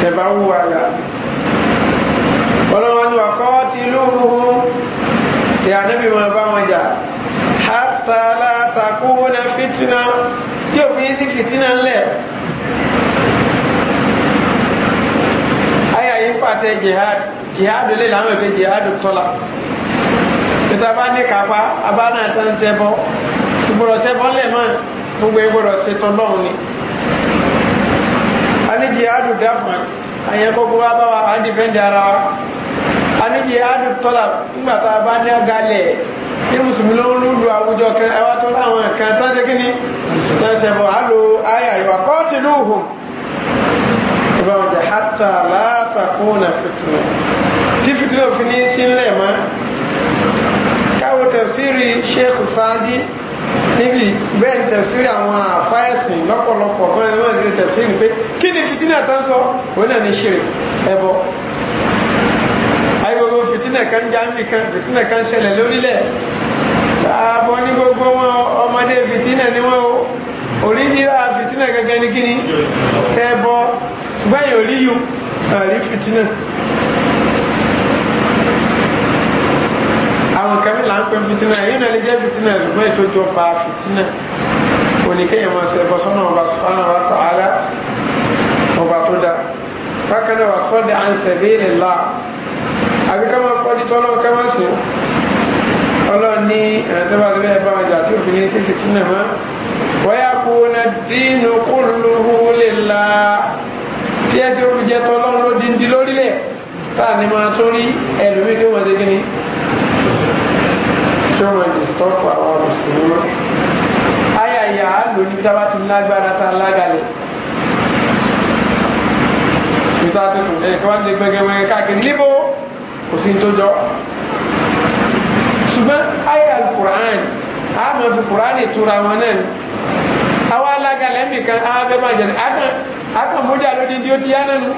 tẹ̀bá wù wà láàbù. ọlọ́wọ́n ní wàá kí anábì máa bá wọn jà hátà látàkùn wọn náà fìtínà tí òfin sí fìtínà ńlẹ̀. ayé àyè pàṣẹ jihad jihad lè làwọn èfè jihad tọ́la tètè bá ní kápá abáná tán tẹ bọ́ ìgbọ̀rọ̀ tẹ bọ́ lẹ̀ mọ́ gbogbo ìgbọ̀rọ̀ tẹ tọ́ lọ́hùn ni. a ní jihad dáfọ̀n àyẹ̀kọ́ gbogbo wa bá wa á dìfẹ́ǹdì ara wa a ní jihad tọ́la nígbà tá a bá ní agalẹ̀ ní mùsùlùmí ló ń lu àwùjọ kan ẹ wá tó láwọn kan tó ń ṣe kíni tó ń ṣe bọ̀ á lo ayé àyè wa qatiluhum ìbá wọn jẹ hatta la takuna fitna tí fitna òfin ní sílẹ̀ mọ́ káwọ tafsiri Sheikh Saadi níbi bẹ́ẹ̀ ni tẹ̀sírí àwọn àfáẹ́sìn lọ́pọ̀lọpọ̀ fún ẹni wọ́n ti tẹ̀sírí pé kí ni fìtínà tán sọ fìtínà kan jáàmì kan fìtínà kan ṣẹlẹ̀ lórílẹ̀ ààbọ̀ ní gbogbo wọn ọmọdé fìtínà ni wọn o oríṣiríṣi fìtínà gangan ní kíni tẹ́ bọ́ ṣùgbọ́n yóò rí yù àrí fìtínà. àwọn kàmí là ń pè fìtínà yìí náà lè jẹ́ fìtínà ṣùgbọ́n ètò ìjọba fìtínà oníkéyàn máa ṣe ẹ̀bọ̀ sọ́nà ọba sọ́nà ọba sọ́nà ọba tó dáa. bákan náà wà sọ́dẹ̀ à tọ́lọ́ ká má sùn ọlọ́run ní ẹ̀ẹ́dẹ́gbà tó bẹ́ẹ̀ bá wọn jà tí òfin ní títí tún náà má wáyà kú na dínú kúlùhù lè la tí ẹ ti ó fi jẹ tọ́lọ́run ló dín dín lórílẹ̀ táà ní máa tó rí ẹlòmíì tó wọn ṣe kí ni tí wọn lè tọ́pù àwọn mùsùlùmí mọ́ ayàyà ti lágbára tá a lágalẹ̀ nígbà tó kù ẹ̀ kí wọ́n ti gbẹgẹmẹ káàkiri níbo kò sí tó jọ ṣùgbọ́n ayé alukur'an àmọ́ alukur'an ìtura wọn náà àwọn alága lẹ́mìí kan àwọn abẹ́ máa jẹ̀dẹ̀ akàn akàn mójà lóde ní ó di yá nánu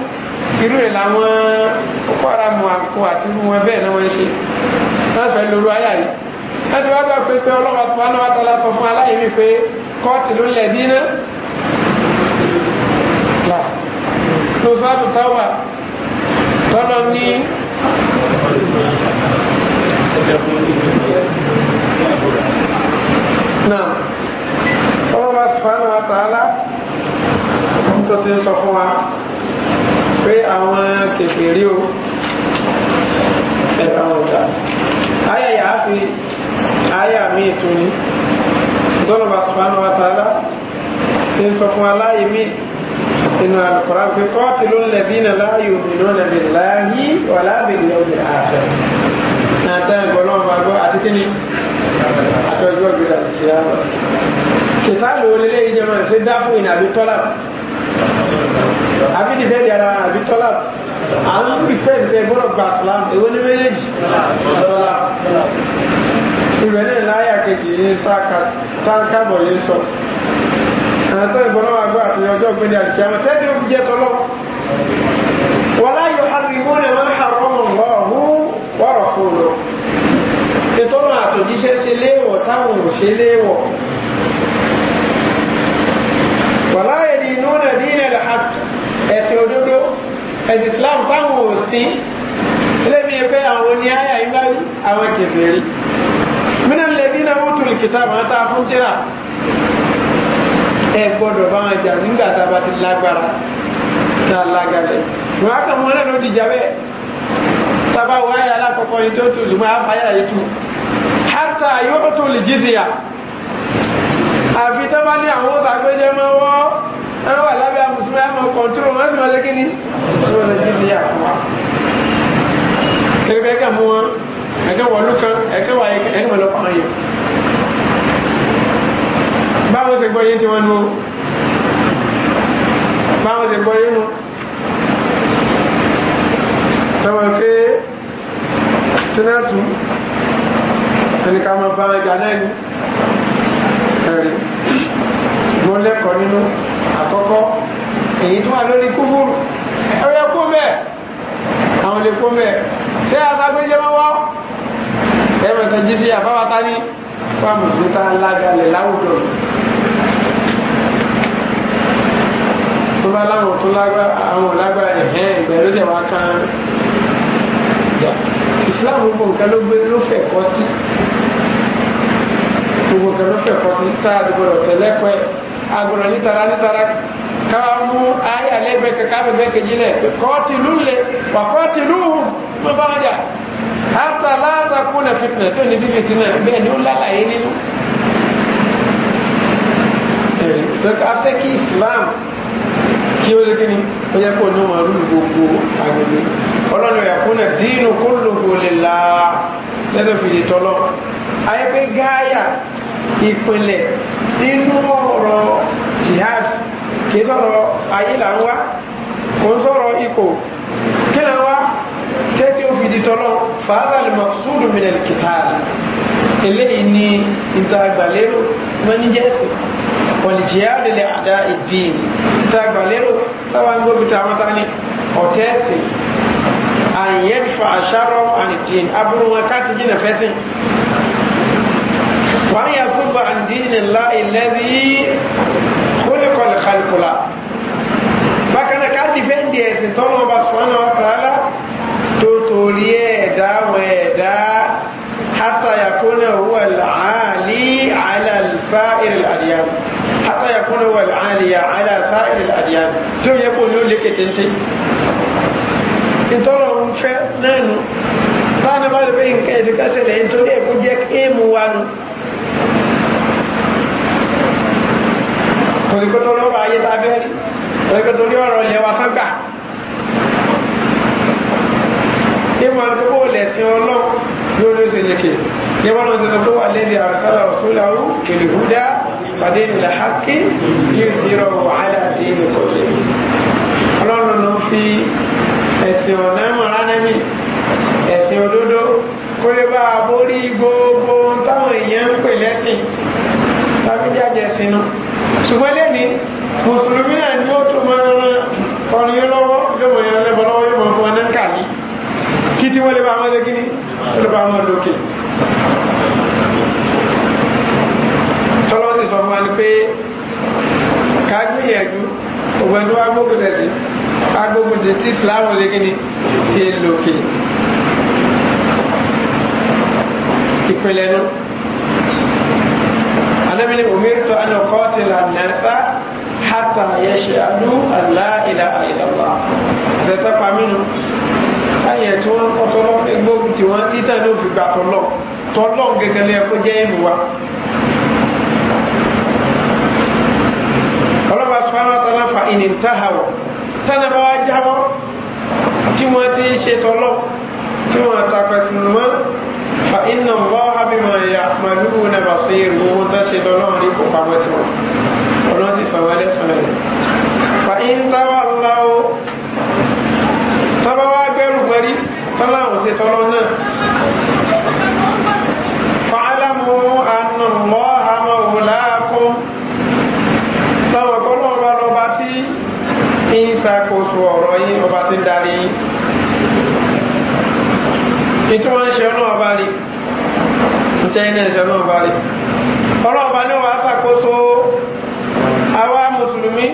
irú rẹ̀ làwọn kọ́ra mu àkó àti irú wọn bẹ́ẹ̀ náà wọ́n ṣe wọ́n fẹ́ lóru ayà yìí wọ́n ti wá gbà pé pé ọlọ́wọ́ tó wọn náà wọ́n tọ́lá sọ fún aláyè mi pé kọ́ọ̀tì ló lẹ̀ dín náà lọ́sọ̀tò táwà tọ́lọ́ ní náà ọlọ́ba sùfàánù àtàlá ń tó ti sọ pé àwọn kèfèrí o. sọ àwọn tó ìbọn náà wà gbọ́ àti ọjọ́ ògbéni àti àwọn tẹ́lẹ̀ ó fi jẹ́ tọ́lọ́ wọ́n láyò àtìmọ́ ni wọ́n hà rọ́mọ̀ ńlọ ọ̀hún wọ́rọ̀ fòlò ìtọ́nà àtòjíṣẹ́ ṣe léèwọ̀ táwọn ò ṣe léèwọ̀ wọ́n láyè ní inú náà dínà ẹ̀sìn òdodo ẹ̀sìn Islam táwọn ò sí lẹ́bi ẹgbẹ́ àwọn ní àyà ìgbà àwọn kẹfẹ́ rí mínà lẹ́bí náà wọ́n tún kìtà máa ta jẹ́ra ẹ gbọ́dọ̀ bá wọn jà nígbà tá a bá ti lágbára tá a lágbára wọn á kàn wọn lẹ́nu òdìjà bẹ́ẹ̀ sábà wọ ayé alákọ̀ọ́kọ́ yìí tó tu ṣùgbọ́n àbáyà yìí tu hátà yóò tó lè jizya àfi tó bá ní àwọn oṣù àgbẹjẹ máa wọ ẹ wà lábẹ́ àmùsùnmí àmọ́ kọ̀ǹtúrò wọn sì máa lé kíní wọn lè jizya wa kẹ̀kẹ́ kà mú wọn ẹ̀kẹ́ wọ̀lú kan ẹ̀kẹ́ wà ẹ̀kẹ́ mọ̀ lọ́pàá yẹn báwọn ṣe gbọ́ yé tí wọ́n nu báwọn ṣe gbọ́ yé nu tọ́wọ́ pé sínátù ẹnìkan máa bá ẹja náà ní. nǹkan ló gbé ló fẹ̀ kọ́ sí gbogbo nǹkan ló fẹ̀ kọ́ sí tá a gbọdọ̀ tẹ̀lẹ́kọ̀ ẹ̀ a gbọdọ̀ nítara nítara káwá mú ayé alẹ́ bẹ́ẹ̀ kẹ́kẹ́ abẹ́ bẹ́ẹ̀ kejì lẹ̀ kọ́ọ̀tì lù lẹ̀ wà kọ́ọ̀tì lù hù tó bá wọn jà hasa láàzà kún nà fífi tó ní fífi sí náà ni ó lálàyé nínú. Bẹ́ẹ̀ni afẹ́ kí Islam kí ó lé kí ni ó yẹ kó ní wọn rú gbogbo agbègbè an yakuna ad-dinu kulluhu lillah lẹ́nu fìdí tọ́lọ́ ayé pé gáyà ìpìlẹ̀ nínú ọ̀rọ̀ jihad kì í sọ̀rọ̀ ayé là ń wá kò ń sọ̀rọ̀ ipò kí là ń wá tẹ́tí ó fìdí tọ́lọ́ fàáza al-maqsudu min al-qital eléyìí ní ìtàgbàlérò mọ́níjẹ́sì wal-jihad li a'da'i ad ìtàgbàlérò sábà ń gbóbi tí àwọn ọ̀tẹ́ẹ̀sì. an yadfa asharram an din aburun wa ka ti jina fesin wa ya subba an dinillahi alladhi khuliqa al-khalqula bakana ka ti fendi ẹ̀sìn tó lọ bá sọ́nà wa ta'ala tó torí ẹ̀dá wọn ẹ̀dá hatta yakuna huwa al-ali ala al-fa'ir al-adyan hatta yakuna huwa al-ali ala fa'ir al-adyan tó yẹ kó ló lékè téńté. Então, náà nù báwọn bá lè fi nǹkan ẹ̀dùnkà ṣẹlẹ̀ nítorí ẹ̀kọ́ jẹ́ kéèmù wa nù. kò sí kó torí ọ̀rọ̀ ayé tá a fẹ́ rí kò sí kó torí ọ̀rọ̀ ilẹ̀ wa sán gbà. kéèmù wa tó kó lẹ̀ sí ọlọ́run bí ó ló ṣe yẹ kéèmù yẹ́wọ́n ló ń sọ pé fi ẹ̀sìn nẹ́bì ẹ̀sìn òdodo kó lè bá a borí gbogbo táwọn èèyàn ń pè lẹ́sìn tàbí jáde ẹ̀sìn náà ṣùgbọ́n lẹ́ni mùsùlùmí náà ni ó tún máa ń kọrin yẹn lọ́wọ́ yóò mọ̀ yẹn lẹ́bọ̀ lọ́wọ́ yóò mọ̀ fún ọ náà kàlí kí tí wọ́n lè bá wọn lé kíní wọ́n lè bá wọn lókè. tọ́lọ́sì sọ fún wa ni pé ká gbìyànjú ògbẹ́ni wa gbógun tẹ̀sí agbógun tẹ̀sí ìsìláàmù lé kíní tí ń lòkè ìpínlẹ̀ nù. anamini umirtu an uqatila an-nasa hatta yashhadu an la ilaha illallah àtẹ̀tẹ̀ pàmínú ayẹ̀ tí wọ́n kọ́ tọ́lọ́ gbógun tí wọ́n títà ní òfin gbà tọ́lọ́ tọ́lọ́ gẹ́gẹ́ lẹ́yìn kó jẹ́ ìlú wa. ọlọ́ba sọ́nà tọ́lá fa ìnìntàhàwọ̀ tánàbà wa jábọ̀ tí wọ́n ti ṣe tọ́lọ́ tí wọ́n tapẹ̀sì mọ́ fa iná wọ́n hábìmọ̀ ìyá màlúù nàbàṣe ìrù owó tó ṣe tọ́lọ́ rí kó pamọ́ ẹ̀sẹ̀ náà bá rí ọlọ́ọ̀bá ní wàá ṣàkóso àwa mùsùlùmí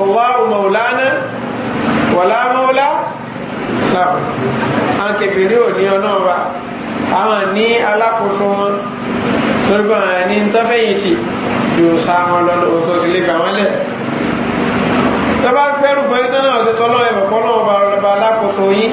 Allahu maulana wala maula láwọn àkèbèrè òní ọlọ́ọ̀bá àwọn ní alákòóso wọn torí bá wọn ní ntọ́fẹ̀yìntì yóò sá wọn lọ́dọ̀ òtò sílé gbà wọ́n lẹ̀ tọ́ba fẹ́rù fẹ́rù tán náà ti sọ́nà ẹ̀mọ̀kọ́ náà bá ọlọ́ba alákòóso yín.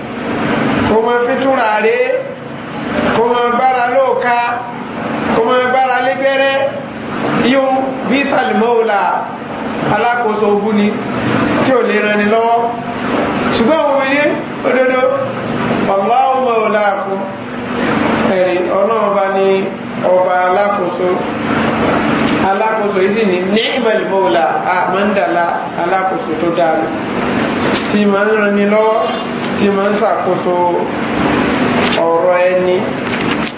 tí máa ń ràn ní lọ́wọ́ tí máa ń ṣàkóso ọ̀rọ̀ ẹni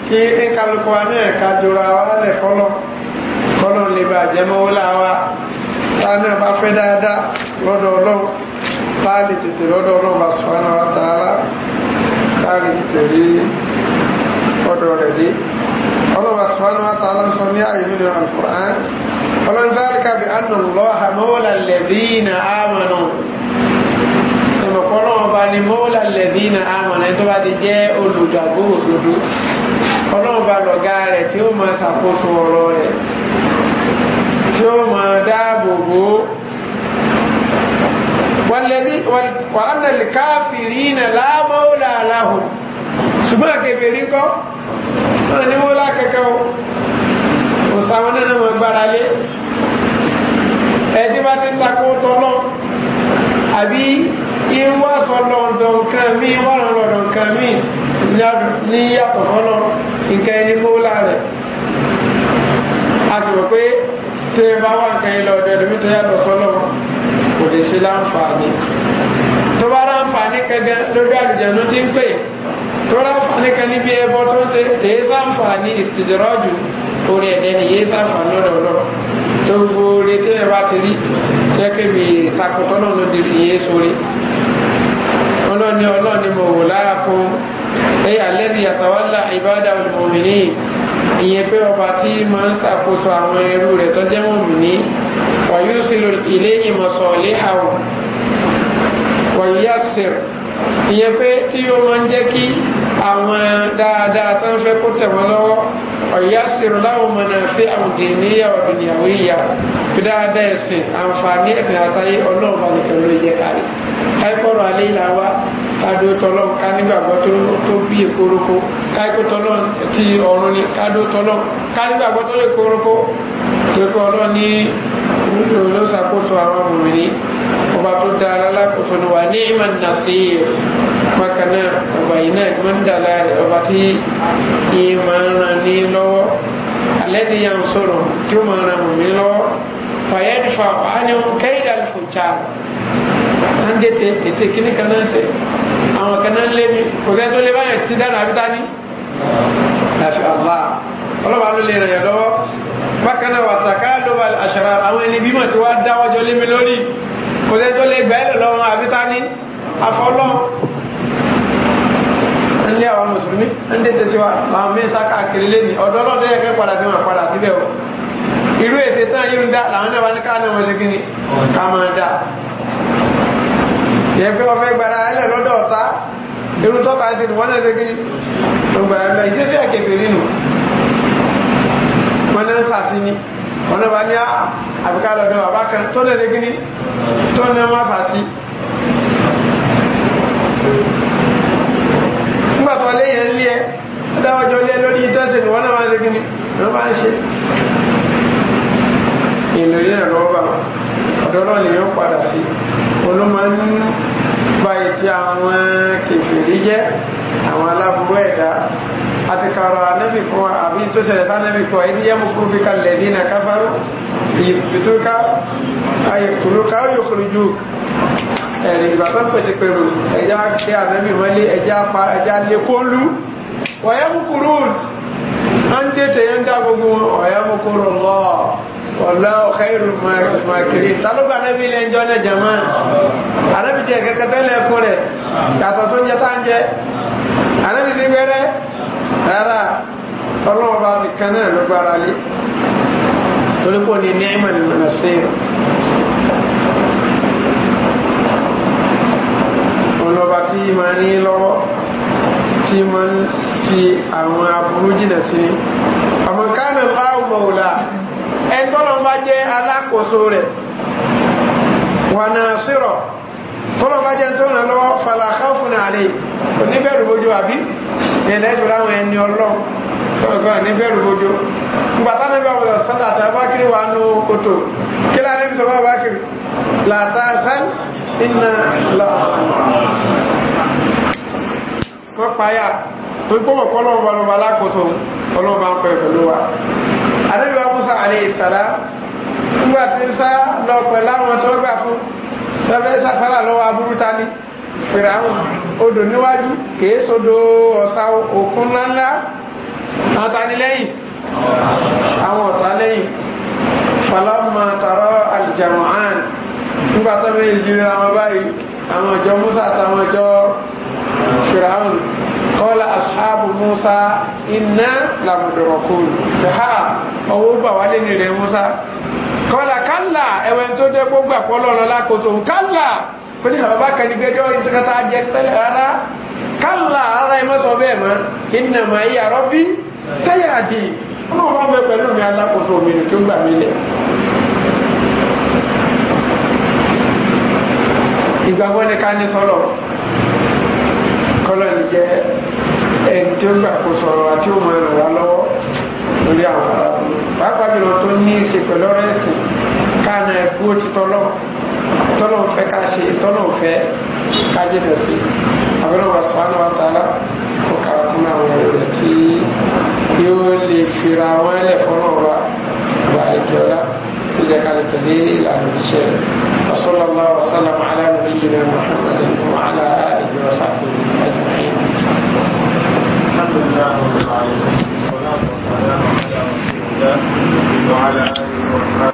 kí nkálukú wa náà ká jọra wa lálẹ́ kọ́lọ̀ kọ́lọ̀ lè bá jẹ́mọ́wó láwa tá a náà bá fẹ́ dáadáa lọ́dọ̀ ọlọ́run tá a lè tètè lọ́dọ̀ ọlọ́run bá sọ wọn wá tààrà tá a lè tètè rí ọ̀dọ̀ rẹ̀ dé ọlọ́run bá sọ wọn wá tààrà sọ ní àyè nínú àlùkò án ọlọ́run dáríkà bí anna Allaha mawla alladhina amanu ọba ni mọ́wúlà lẹ́dínà àmọ̀nà tó bá ti jẹ́ olùgbàgbọ́ òdodo ọlọ́run bá lọ̀gá rẹ̀ tí ó máa ṣàkóso ọ̀rọ̀ rẹ̀ tí ó máa dáàbò bò ó. wàhánà káfìrí nà lámọ́wúlà aláhùn ṣùgbọ́n àkèbèrè kọ́ náà ní mọ́wúlà kẹ̀kẹ́ o kò sáwọn náà náà máa gbára lé ẹ̀dí bá ti ń takò tọ́lọ́ àbí yé wá kọlọ́dọ̀ nǹkan mi wá lọ́dọ̀ nǹkan mi ní yàtọ̀ fọlọ́ nǹkan ẹni mú láàrẹ̀ a sì rò pé tẹ́ ẹ bá wà nǹkan yìí lọ́dọ̀ ẹ̀dùnmí tó yàtọ̀ fọlọ́ kò lè ṣe láǹfààní tó bá láǹfààní kankan lórí àlùjànnú ti ń pè tó láǹfààní kan níbi ẹbọ tó ń ṣe èyí sáǹfààní ìsìdìrọ́jù orí ẹ̀dẹ́ ni èyí sáǹfààní lọ́dọ̀ tó gbogbo orí tẹ́ ẹ bá ti rí jẹ́ kébi ìtakùtọ́ náà ló di fi sórí ọlọ́ni ọlọ́ni mo wò lára fún ẹ alẹ́ni yàtọ̀wálà ìbádà olùmọ̀mìnì ìyẹn pé ọba tí máa ń ṣàkóso àwọn ẹrú rẹ̀ tó jẹ́ mọ̀mìnì wàyú sílò ilé ìmọ̀sọ̀ léhàwò wàyú yàtọ̀ ìyẹn pé tí ó máa ń jẹ́ kí àwọn dáadáa tó ń fẹ́ kó tẹ̀ wọ́n lọ́wọ́ ọ̀yásìrò láwọn ọmọ náà fi àwùjẹ níyàwó ìyàwó ìyá fi dáadáa ẹ̀sìn àǹfààní ẹ̀sìn àtàyé ọlọ́ọ̀bá nìkan ló yẹ kárí. káìkọ́rọ̀ alẹ́ ìlà wa kádó tọlọ́n ká nígbàgbọ́ tó tó bí ekoroko káíkó tọlọ́n ti ọ̀run ni kádó tọlọ́n ká nígbàgbọ́ tó lè koroko pépé ọlọ́run ní wúlò ló ṣàkóso àwọn obìnrin ọba tó dára lákòóso ni wà ní ìmọ̀ nàṣẹ́ bákan náà ọba yìí náà ìmọ̀ ń dàlá rẹ̀ ọba tí ìmọ̀ ń ràn ní lọ́wọ́ alẹ́ ti yàn sọ̀rọ̀ tí ó mọ̀ ń ràn mí lọ́wọ́ fàyẹ́dìfà wà ní kẹ́hìndà fòjá. Ande tètè kíní kan náà tẹ̀ àwọn kan náà ń lé ní kò sẹ́ tó lé báyọ̀ ti dáná àbí tání. àfi àlá ọlọ́ba ló lè ràn yàn lọ́wọ́ bákan náà wàtà ká ló ba àṣàrà àwọn ẹni bímọ tí wàá dáwọ́jọ lé mi lórí kò sẹ́ tó lé gbà ẹ́ lọ́wọ́ àbí tání afọlọ́ ndé àwọn mùsùlùmí ndé tètè wa làwọn mẹ́ta káàkiri lé ní ọ̀dọ́ ọlọ́dẹ yẹ kẹ́ padà sí wọn padà irú ètè tán yìí ń dá làwọn náà wá ní káwọn náà kí ni ká máa dá yẹ pé wọ́n fẹ́ gbára irun tó bá ṣe wọn náà ṣe kí gbogbo ẹ̀rọ náà ìṣe bí ẹ̀kẹ́fẹ́ rí nù wọn náà ń sàṣìní wọn náà bá ní ah, àbíká lọ́dọ̀ bàbá kan tó náà ṣe kí ni tó náà má sàṣì. nígbà tó lé yẹn lé ẹ dáwọ́jọ́ lé lórí ìtọ́sẹ̀ ni wọn náà máa ṣe ni wọn máa ń ṣe. ìlú yẹn ọ̀dọ́ náà lè yọ padà sí olómọ báyìí tí àwọn kèfèrí jẹ́ àwọn aláburú ẹ̀dá àti kàrọ̀ ànábì fún wa àbí tó ṣẹlẹ̀ bá ànábì fún wa ìdí yẹ́mu kúrú bí kalẹ̀ ní nàkàfàrú ìyẹ̀kùtùkà ayẹ̀kùrúkà ayọ̀kùrújù ẹ̀rìn ìgbà tó ń pèsè pèrò ẹ̀já kí ànábì mọ́lé ẹ̀já pa ẹ̀já lé kólú wọ̀yẹ́mukuru à ń tètè yẹn dá gbogbo wọ̀yẹ́mukuru lọ́ọ̀ wàllu xayiru makiri taluba anabi lẹ njọ ne jama anabi jẹ kẹkẹ bẹ lẹ kó lẹ k'asọ tó njẹ tán jẹ anabi ti bẹrẹ rárá ọlọ́wọ́ bá mi kan náà ló gbára lé torí kò ní ní ìmọ̀ nínú ẹ̀ sí ọlọ́ba tí ma ní lọ́wọ́ tí ma ń fi àwọn aburú jìnnà ẹtọ́lọ́n bá jẹ́ alákòóso rẹ̀ wà náà sírọ̀ tọ́lọ́n bá jẹ́ tó náà lọ́wọ́ fàlà káfùnà àlè oníbẹ̀rù bójú àbí ẹ̀lẹ́ tó láwọn ẹni ọlọ́run tọ́lọ́gbọ́n níbẹ̀rù bójú gbàtà níbi àwọn ọ̀sán àti abákiri wà nù kòtò kí láti fi sọ́kọ́ abákiri làtàkàn iná lọ. wọ́n payà tó gbọ́mọ̀ kọ́ lọ́wọ́ ọlọ́ba alákòóso ọlọ́ba ń pẹ̀ pẹ̀lú wa. Musa alayhi salam nígbà tí ń sá lọ pẹ̀lú àwọn tó gbà fún lọ́fẹ́ sàkárà lọ́wọ́ aburú ni pèrè àwọn odò níwájú kìí sódò ọ̀sà òkun ńláńlá àwọn ni lẹ́yìn àwọn ọ̀tá lẹ́yìn falamma tara al-jam'an nígbà tó bẹ́ẹ̀ ìjìnlẹ̀ àwọn báyìí àwọn ìjọ Musa àtàwọn ìjọ pèrè àwọn kọ́lá abu musa iná làmùdọ̀rọ̀kùn ṣèhá ọwọ́ bà wá lé ní rẹ̀ musa kọ́lá kálà ẹ̀wẹ̀ tó jẹ́ gbogbo àpọ́lọ́ ọ̀lọ́lá kò tó kálà pé ní bàbá kan ní gbẹjọ́ ìtẹ́kẹ́ta jẹ́ tẹ́lẹ̀ rárá kálà ara ẹ̀ mọ́tọ́ bẹ́ẹ̀ mọ́ iná mà í àrọ́ bí sẹ́yìn àdì ọmọ bá bẹ pẹ̀lú mi alákòóso mi tó gbà mí lẹ̀. ìgbàgbọ́ ni ká ní sọ́lọ̀ kọ́lọ́ ní jẹ́ ẹni tí ó gbàkóso ọ̀rọ̀ àti òun ẹ̀rọ wa lọ́wọ́ lórí àwọn ará pàápàá jùlọ tó ní í ṣe pẹ̀lú ọ̀rẹ́ ẹ̀sìn káàna ẹ̀kú òtítọ́ lọ tọ́lọ̀ ń fẹ́ ká ṣe tọ́lọ̀ ń fẹ́ ká jìnà sí àbẹ̀rẹ̀ wa sàánù wa tààlà kó kà fún àwọn ẹ̀rọ tí yóò lè fira wọn lẹ̀ fọ́nà wa wà ìjọba ilẹ̀ ká lè tẹ̀lé ìlànà iṣẹ́ rẹ̀ wàsọ́lá wa sálàmù alá nàbíyìnà Muhammadin wa alá àdìgbò wa sàkóyè الحمد لله رب العالمين والصلاة والسلام على رسول الله وعلى آله وصحبه